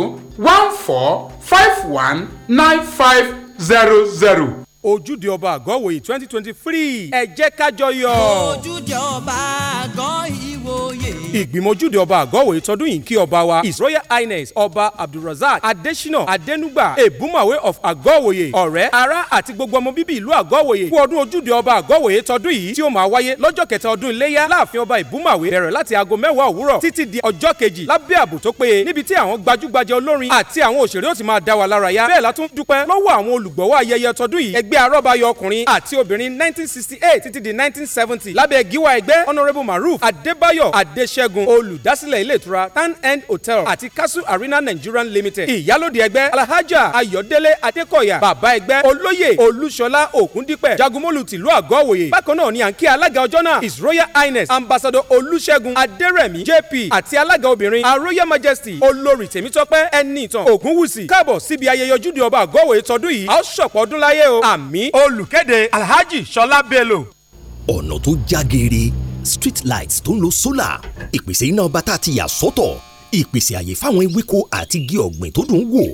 one four five one nine five zero zero ojúde ọba àgọ́wòye twenty twenty three ẹ jẹ́ kájọ yọ̀. ojúde ọba àgọ́yè ìgbìmọ̀ ojúde ọba àgọ́wò ìtọ́dún yìí kí ọba wa his royal highness ọba abdulrasaq adesina adenugba ebumawe of àgọ́wòye ọ̀rẹ́ ará àti gbogbo ọmọ bíbí ìlú àgọ́wòye fún ọdún ojúde ọba àgọ́wòye tọdún yìí tí ó máa wáyé lọ́jọ́ kẹta ọdún iléyá láàfin ọba ìbúmàwé bẹ̀rẹ̀ láti aago mẹ́wàá òwúrọ̀ títí di ọjọ́ kejì lábẹ́ ààbò tó péye níbi tí àwọn gbajúgbajà olórin àti àwọn òṣèré ó ti máa dá wa lára yá bẹ́ẹ̀ la tún dúpẹ́ lọ́wọ́ àwọn olùgbọ́wọ́ ayẹyẹ tọdún yìí ẹgbẹ́ arọ́bayọ ọkùnrin àti obìnrin 1968 títí di 1970 lábẹ́ gíwá ẹgbẹ́ honourable maruf adébáyọ̀ ad adéṣẹ́gun olùdásílẹ̀ ilé ìtura tan end hotel àti castle arena nigerian limited ìyálòdì ẹgbẹ́ alhaja ayọ̀délé adékọ̀yà bàbá ẹgbẹ́ olóyè olúṣọlá òkúndípẹ̀ jagunmọ́lù tìlú àgọ́wòye bákan náà ni à ń kí alága ọjọ́ náà his royal highness ambassador olúṣẹ́gun adérẹ̀mí jp àti alága obìnrin her royal majesty olórí tèmítọ́pẹ́ ẹni ìtàn ògúnwùsì káàbọ̀ síbi ayẹyẹ ojúde ọba àgọ́wòye tọdún yìí a ó ṣọ̀pọ̀ ọdún láyé o àmì olùkéde alhaji ṣọlá bello ọ̀nà tó jágeere street lights tó ń lo solar ìpèsè iná ọba tá a ti yà sọ́tọ̀ ìpèsè àyè fáwọn ewéko àti igi ọ̀gbìn tó dùn ún wò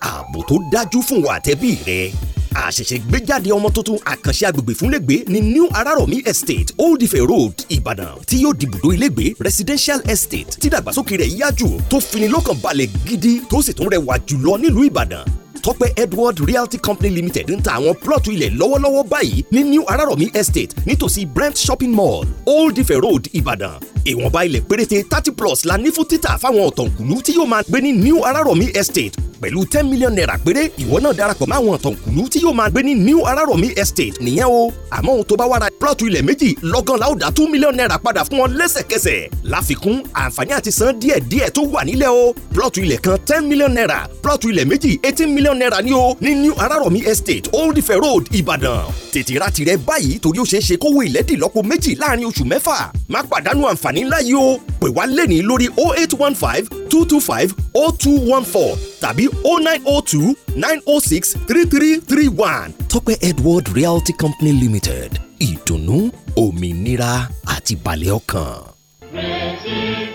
ààbò tó dájú fún wa àtẹ́bí rẹ àṣẹ̀ṣẹ̀ gbéjáde ọmọ tuntun àkànṣe agbègbè fúnlẹ̀gbẹ́ ní new araromi estate old ife road ìbàdàn tí yóò di ilégbè residential estate tí dàgbàsókè rẹ̀ yájú tó fini lọ́kàn balẹ̀ gidi tó sì tún rẹwà jùlọ nílùú ìbàdàn tọ́pẹ́ edward realty company limited ń ta àwọn plọ́ọ̀tù ilẹ̀ lọ́wọ́lọ́wọ́ báyìí ní new araromi estate nítòsí brent shopping mall old ife road ìbàdàn ìwọ̀nba ilẹ̀ péréte thirty plus la ní fún títà fáwọn ọ̀tọ̀kùlú tí yóò máa gbé ní new araromi estate pẹ̀lú ten million naira péré ìwọ náà darapọ̀ mọ́ àwọn ọ̀tọ̀kùlú tí yóò máa gbé ní new araromi estate nìyẹn o àmọ́ ohun tó bá wá ra plọ́ọ̀tù ilẹ̀ méjì lọ́gán la ó dá two million naira padà fún wọn lẹ́sẹ̀kẹsẹ̀ láfikún àǹfààní àti san díẹ̀díẹ̀ tó wà nílẹ̀ o plọ́ọ̀tù ilẹ̀ kan ten million naira plọ́ọ̀tù ilẹ̀ méjì eighteen million mílíọ̀nù náírà ní o ní new arárọ̀mí estate old ife road ìbàdàn tètè ra tirẹ̀ báyìí torí ó ṣeé ṣe kówó ìlẹ́dì lọ́pọ̀ méjì láàrin oṣù mẹ́fà má pàdánù àǹfààní ńlá yìí o pè wá lẹ́ni lórí 0815 225 0214 tàbí 0902 906 3331 tọ́pẹ́ edward realty company limited ìdùnnú òmìnira àti balẹ̀ ọkàn. retí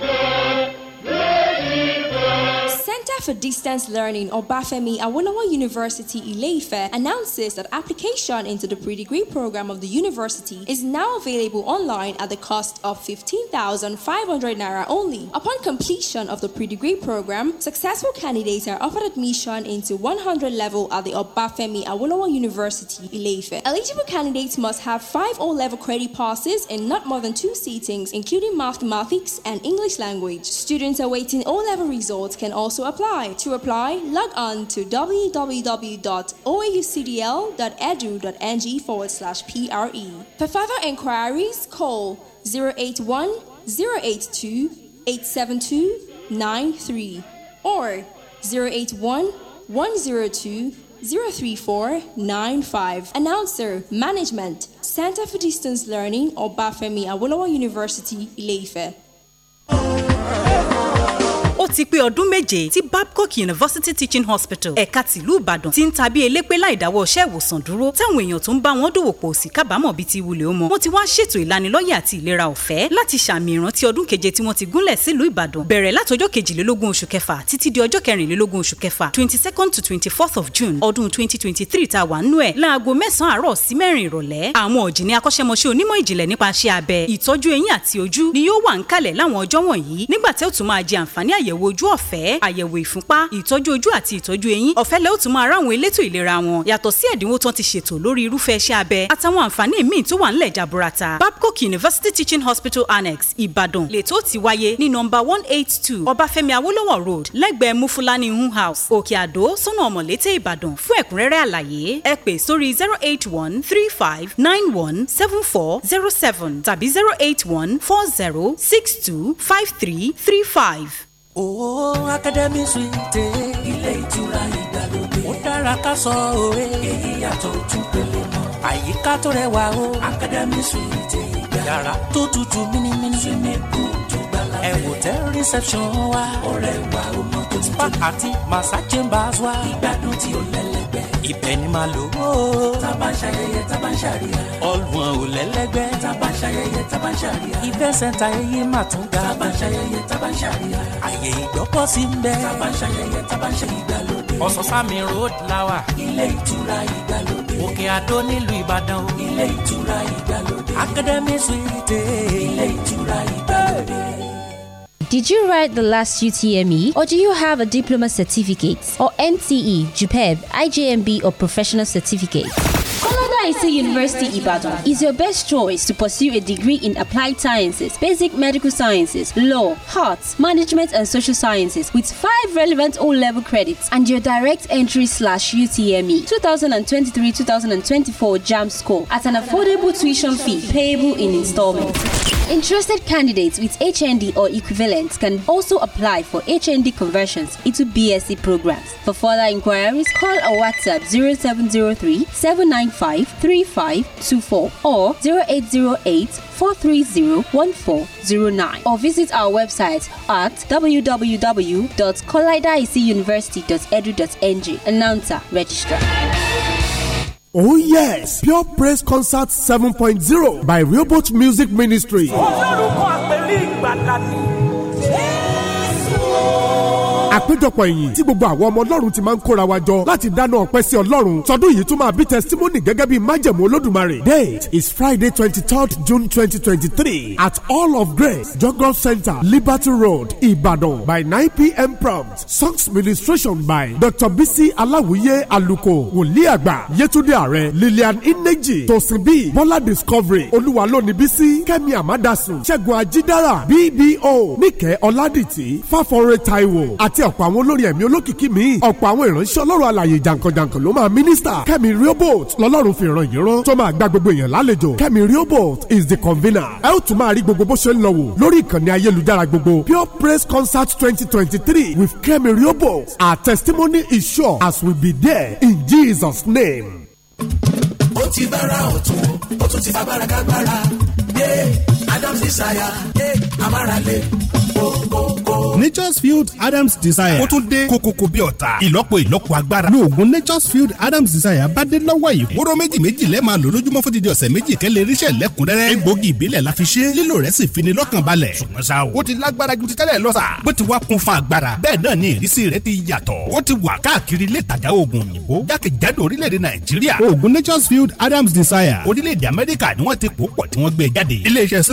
Centre for Distance Learning, or BAFEMI, at Wunawa University Ileife, announces that application into the pre-degree program of the university is now available online at the cost of 15,500 naira only. Upon completion of the pre-degree program, successful candidates are offered admission into 100 level at the Obafemi Awolowo University, Ileife. Eligible candidates must have five O-level credit passes in not more than two seatings, including mathematics and English language. Students awaiting O-level results can also apply apply. To apply, log on to www.oaucdl.edu.ng forward slash PRE. For further enquiries, call 081 082 872 or 081 102 03495. Announcer, Management, Center for Distance Learning or Bafemi Awolowo University, Ileife. ó ti pé ọdún méje tí Babcock University Teaching Hospital ẹ̀ka tìlú Ìbàdàn ti ń ta bí elépé láì dáwọ́ iṣẹ́ ìwòsàn dúró táwọn èèyàn tó ń bá wọn dòwò pọ̀ sí kábàámọ̀ bíi ti wulẹ̀ ó mọ̀ wọ́n ti wá ṣètò ìlanilọ́yẹ̀ àti ìlera ọ̀fẹ́ láti ṣàmì ìrántí ọdún keje tí wọ́n ti gúnlẹ̀ sílùú Ìbàdàn bẹ̀rẹ̀ látọjọ́ kejìlélógún oṣù kẹfà títí di ọjọ́ kẹrìnlélógún oṣù kẹfà twenty second to twenty fourth of June ọdún twenty twenty three ta wà nú ẹ̀ láago mẹ́sàn-án àárọ̀ sí mẹ́rin ìrọ̀lẹ́ àwọn ọ̀jìnì akọ́ṣẹ́mọṣẹ́ onímọ̀ ìjìnlẹ̀ nípa iṣẹ́ abẹ ìtọ́jú ni yóò wà ń kalẹ̀ láwọn ọjọ́ wọ̀nyí nígbà tí ó àyẹ̀wò ojú ọ̀fẹ́ àyẹ̀wò ìfúnpá ìtọ́jú ojú àti ìtọ́jú eyín ọ̀fẹ́ lẹ́ ó tún máa ráwọn elétò ìlera wọn yàtọ̀ sí ẹ̀dínwó tán ti ṣètò lórí irúfẹ́ iṣẹ́ abẹ àtàwọn àǹfààní míì tó wà ńlẹ̀ jaburata Babcock University Teaching Hospital Annex Ìbàdàn lẹ́tọ́ ti wáyé ní nọ́mbà one eight two Ọbáfẹ́mi Awolowo Road lẹ́gbẹ̀ẹ́ Mufulani hun house Òkè Àdó sọ́nà ọmọlété Ìbàdàn fún ẹ̀kúnrẹ́rẹ́ àlàyé ẹ pè sórí zero eight one three five nine one seven four zero seven tàbí zero eight one four zero six two five three three five. Oh, Academy Suite. Ilé ìtura ìgbàlódé. Ó dára ká sọ òwe. Èyí yàtọ̀ ojú pele mọ́. Àyíká tó rẹwà o. Academy Suite ìgbà. Yàrá tó tutù mímímí. Swimming tó gbàlá bẹ́ẹ̀. Ẹ̀wò tẹ reception wa. Ọ̀rẹ́ wa o mọ tó ti tó. Spa àti massage chambers wa. Ìgbádùn tí ó lẹ́lẹ́ lẹ́lẹ́gbẹ́. ibẹ̀ ni màá lò ó. tàbá ń ṣayẹyẹ tàbá ń ṣàríyá. ọlùwọ̀n ò lẹ́lẹ́gbẹ́. tàbá ń ṣayẹyẹ tàbá ń ṣàríyá. ibẹ̀ sẹ́ńtà ẹyẹ mà tún ga. tàbá ń ṣayẹyẹ tàbá ń ṣàríyá. àyè ìgbọ́kọ̀ sí ń bẹ. tàbá ń ṣayẹyẹ tàbá ń ṣe ìgbàlódé. ọ̀sánsámi road lawa. ilé ìtura ìgbàlódé. òkè àdó nílùú ìbàdàn. ilé ìtura ìgbàlódé. academy suite. ilé ìtura ìgbàlódé Did you write the last UTME or do you have a diploma certificate or NTE, JUPEB, IJMB or professional certificate? Kolada University Ibadan is your best choice to pursue a degree in applied sciences, basic medical sciences, law, arts, management and social sciences with five relevant O-level credits and your direct entry slash UTME 2023-2024 JAM score at an affordable tuition fee payable in installments. Interested candidates with HND or equivalents can also apply for HND conversions into BSc programs. For further inquiries, call or WhatsApp 0703 795 3524 or 0808 430 1409 or visit our website at www.collideicuniversity.edu.ng. Announcer register. Oh yes, Pure Praise Concert 7.0 by Robot Music Ministry. àpéjọpọ̀ ẹ̀yìn tí gbogbo àwọn ọmọ ọlọ́run ti máa ń kóra wa jọ láti dáná ọpẹ́ sí ọlọ́run tọdún yìí tún máa bí testimony gẹ́gẹ́ bí májẹ̀mú olódùmarè date is friday twenty third june twenty twenty three at all of grace jogon center liberty road ibadan by nine pm prompt songs ministration by dr bisi aláwìyé aluko wòlíì àgbà yétúndé ààrẹ lilian ineji tosin b bọ́lá discovery olúwa Bisi, bísí kẹ́mi àmàdásùn ṣẹ́gun bbo níkẹ́ Oladiti, fáfọrẹ́ taiwo àti àti ọ̀pọ̀ àwọn olórí ẹ̀mí olókìkí mi ọ̀pọ̀ àwọn ìránṣẹ́ ọlọ́run alàyè jàǹkànjàǹkàn ló máa mínísítà kẹ́mi riobot lọ́lọ́run fi ràn yín rán tó máa gba gbogbo èèyàn lálejò kẹ́mi riobot is the convener ẹ ó tún máa rí gbogbo bó ṣe ń lọ wò lórí ìkànnì ayélujára gbogbo pure praise concert twenty twenty three with kẹ́mi riobot our testimony is sure as we be there in Jesus name. ó ti bára ọ̀tún ó tún ti fagbára kágbára Yeah Adams Desire amárale Nature's Field Adams Desire. ó tún dé kókókó bí ọ̀tá. ìlọ́po ìlọ́po agbára. lóògùn Nature's Field Adams Desire bá dé lọ́wọ́ yìí. wóró méjì méjì lẹ́ẹ̀ máa lò lójúmọ́ fún dídí ọ̀sẹ̀ méjì kẹ́lẹ́ irísẹ́ lẹ́kùnrẹ́rẹ́. egbògi ìbílẹ̀ la fi ṣe. lílò rẹ̀ sì fini lọ́kàn balẹ̀. ṣùgbọ́n sa o. ó ti lágbára ju ti tẹ́lẹ̀ lọ sa. bó ti wá kún fún agbára. bẹ́ẹ̀ náà ni ìrísí rẹ̀ ti yàtọ̀. ó Nature's Field Adams Desire. orílẹ̀-èdè Amẹ́ríkà ni wọ́n ti pòpọ̀ tí wọ́n gbé e jáde.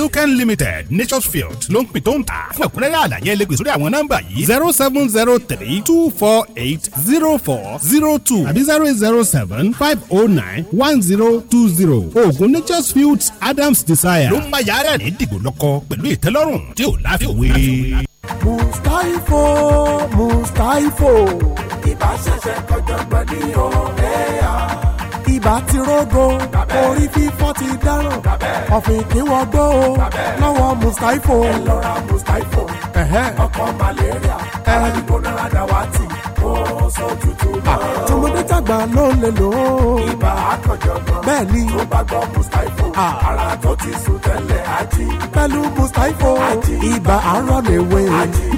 Lucan limited nature's field ló ń pín tó ń tà fún ẹ̀kúnrẹ́rẹ́ àlàyé ẹlẹ́gbẹ̀ẹ́ sórí àwọn nọ́mbà yìí zero seven zero three two four eight zero four zero two àbí zero eight zero seven five oh nine one zero two zero oògùn nature's field adams desire ló ń máa yára ní dìgbò lọ́kọ pẹ̀lú ìtẹ́lọ́rùn tí ò láfiwé. mustaifo mustaifo ibà kọjọ́ gbọ́dí o ẹ̀yà ibà ti rógo orí fífọ́ ti dáràn ọ̀fìn ìkínwọ́gbó o lọ́wọ́ mustapho. ẹ lọ ra mustapho ọkọ̀ malaria aládìgbò náírà dàwátì. Ah. tọmọdé tàgbà ló ń lè lò ó. ibà àkànjọ̀gbọ́n bẹ́ẹ̀ ni tó bá gbọ́ mustapho ah. ara tó ti sùn tẹ́lẹ̀ ají. pẹ̀lú mustapho ibà arọ lè wé.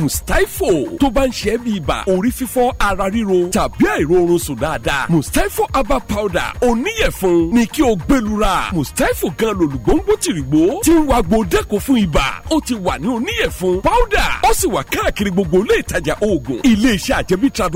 mustapho tó bá ń ṣe é bí ibà orí fífọ́ ara ríro tàbí àìróorun sùn dáadáa mustapho herbal powder oníyẹ̀fun ni kí o gbẹlura mustapho gan lòlùgbòǹgbò tìrìgbò ti ń wa gbòdẹ́kọ̀ fún ibà ó ti wà ní oníyẹ̀fun powder ó sì wà káàkiri gbogbo ilé ìtajà oògùn ilé iṣẹ́ àjẹbí trad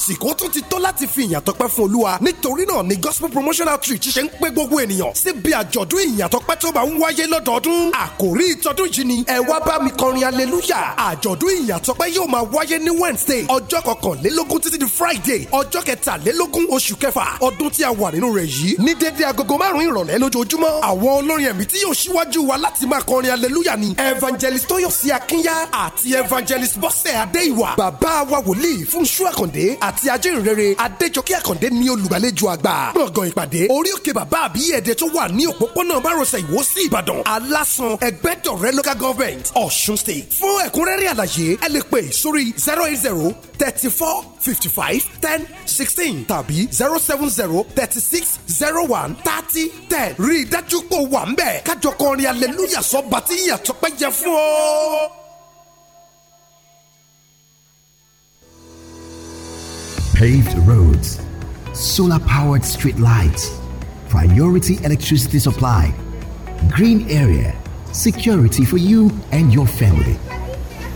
àsìkò tún ti tó láti fi ìyàtọ̀pẹ́ fún olúwa nítorí náà ni gospel promotional outreach ṣe ń pè gbogbo ènìyàn síbi àjọ̀dún ìyàtọ̀pẹ́ tó máa ń wáyé lọ́dọọdún àkòrí ìtọ́dún yìí ni ẹ wá bá mi kọrin hallelujah àjọ̀dún ìyàtọ̀pẹ́ yóò máa wáyé ní wednesday ọjọ́ kọkànlélógún títí di friday ọjọ́ kẹtàlélógún oṣù kẹfà ọdún tí a wà nínú rẹ̀ yìí ní dédé agogo márùn-ún ìrọ̀lẹ́ lójoojúmọ́ àwọn olórin ẹ̀mí tí yóò ṣíwájú wa láti máa kọrin hallelujah ni evangelist tóyọ̀sí akínyà àti evangelist bọ́sẹ̀ adéìwà bàbá wa wòlíì fún ṣúàkàndé à àti ajínrere adéjọkí àkàndé ni olùgbàlejò àgbà gbọ̀ngàn ìpàdé orí òkè bàbá àbíyẹ̀dẹ tó wà ní òpópónà márosẹ̀ ìwó sí ìbàdàn alásan ẹgbẹ́dọ̀rẹ́ local government ọ̀ṣun state fún ẹ̀kúnrẹ́rẹ́ àlàyé ẹ lè pè sórí zero eight zero thirty four fifty five ten sixteen tàbí zero seven zero thirty six zero one thirty ten rí i dájú pé o wà ń bẹ̀ kájọ kọrin aleluya sọ bàtí ìyàtọ̀ pẹ́ jẹ fún ọ. paved roads, solar-powered street lights, priority electricity supply, green area, security for you and your family.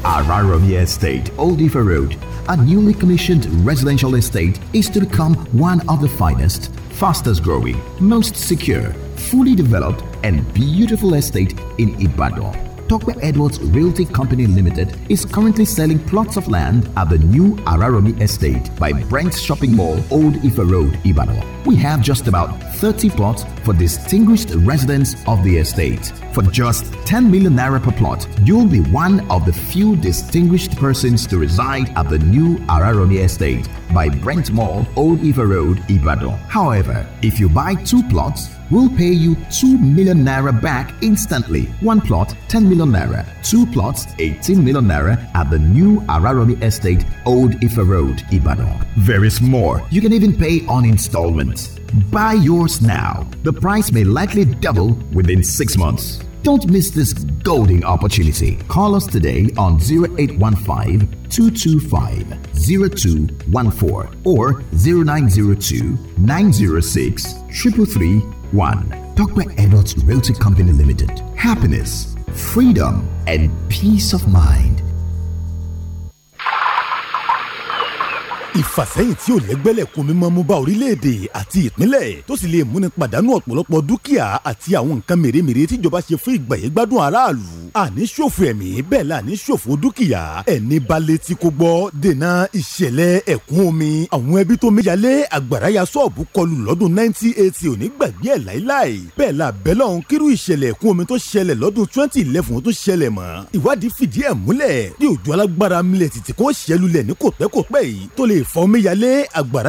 Araromi Estate, Old Ife Road, a newly commissioned residential estate is to become one of the finest, fastest growing, most secure, fully developed and beautiful estate in Ibadan. Tokwe Edwards Realty Company Limited is currently selling plots of land at the new Araromi Estate by Brents Shopping Mall, Old Ife Road, Ibadan. We have just about 30 plots for distinguished residents of the estate. For just 10 million naira per plot, you'll be one of the few distinguished persons to reside at the new Araromi Estate by Brent Mall, Old Ife Road, Ibadan. However, if you buy two plots, We'll pay you 2 million naira back instantly. One plot, 10 million naira. Two plots, 18 million naira at the new Araromi Estate, Old Ife Road, Ibadan. There is more. You can even pay on installments. Buy yours now. The price may likely double within six months. Don't miss this golden opportunity. Call us today on 0815 225 0214 or 0902 906 333 1. Dr. Edwards Realty Company Limited. Happiness, freedom, and peace of mind ìfàsẹ́yìn tí ò lẹ́gbẹ́lẹ̀kùn mímọ́ mú bá orílẹ̀-èdè àti ìpínlẹ̀ tó sì lè múni pàdánù ọ̀pọ̀lọpọ̀ dúkìá àti àwọn nǹkan mèremère tíjọba ṣe fún ìgbàyẹ̀gbádùn aráàlú àní ṣòfò ẹ̀mí bẹ́ẹ̀ la ní ṣòfò dúkìá ẹni bá létí kó gbọ́ dènà ìṣẹ̀lẹ̀ ẹ̀kún omi àwọn ẹbí tó méyalé àgbàrá ya sọ́ọ̀bù kọlù lọ́dún 1980 ò ní gbàgbé ẹ̀ láíláì bẹ́ẹ̀ la bẹ́lọ̀hún kírú ìṣẹ̀lẹ̀ ẹ̀kún omi tó ṣẹlẹ̀ lọ́dún 2011 tó ṣẹlẹ̀ mọ́ ìwádìí fìdí ẹ̀ múlẹ̀ bí òjò alágbára milẹ̀ tìtì kó ṣẹlulẹ̀ ìfọ̀míyalé àgbàrá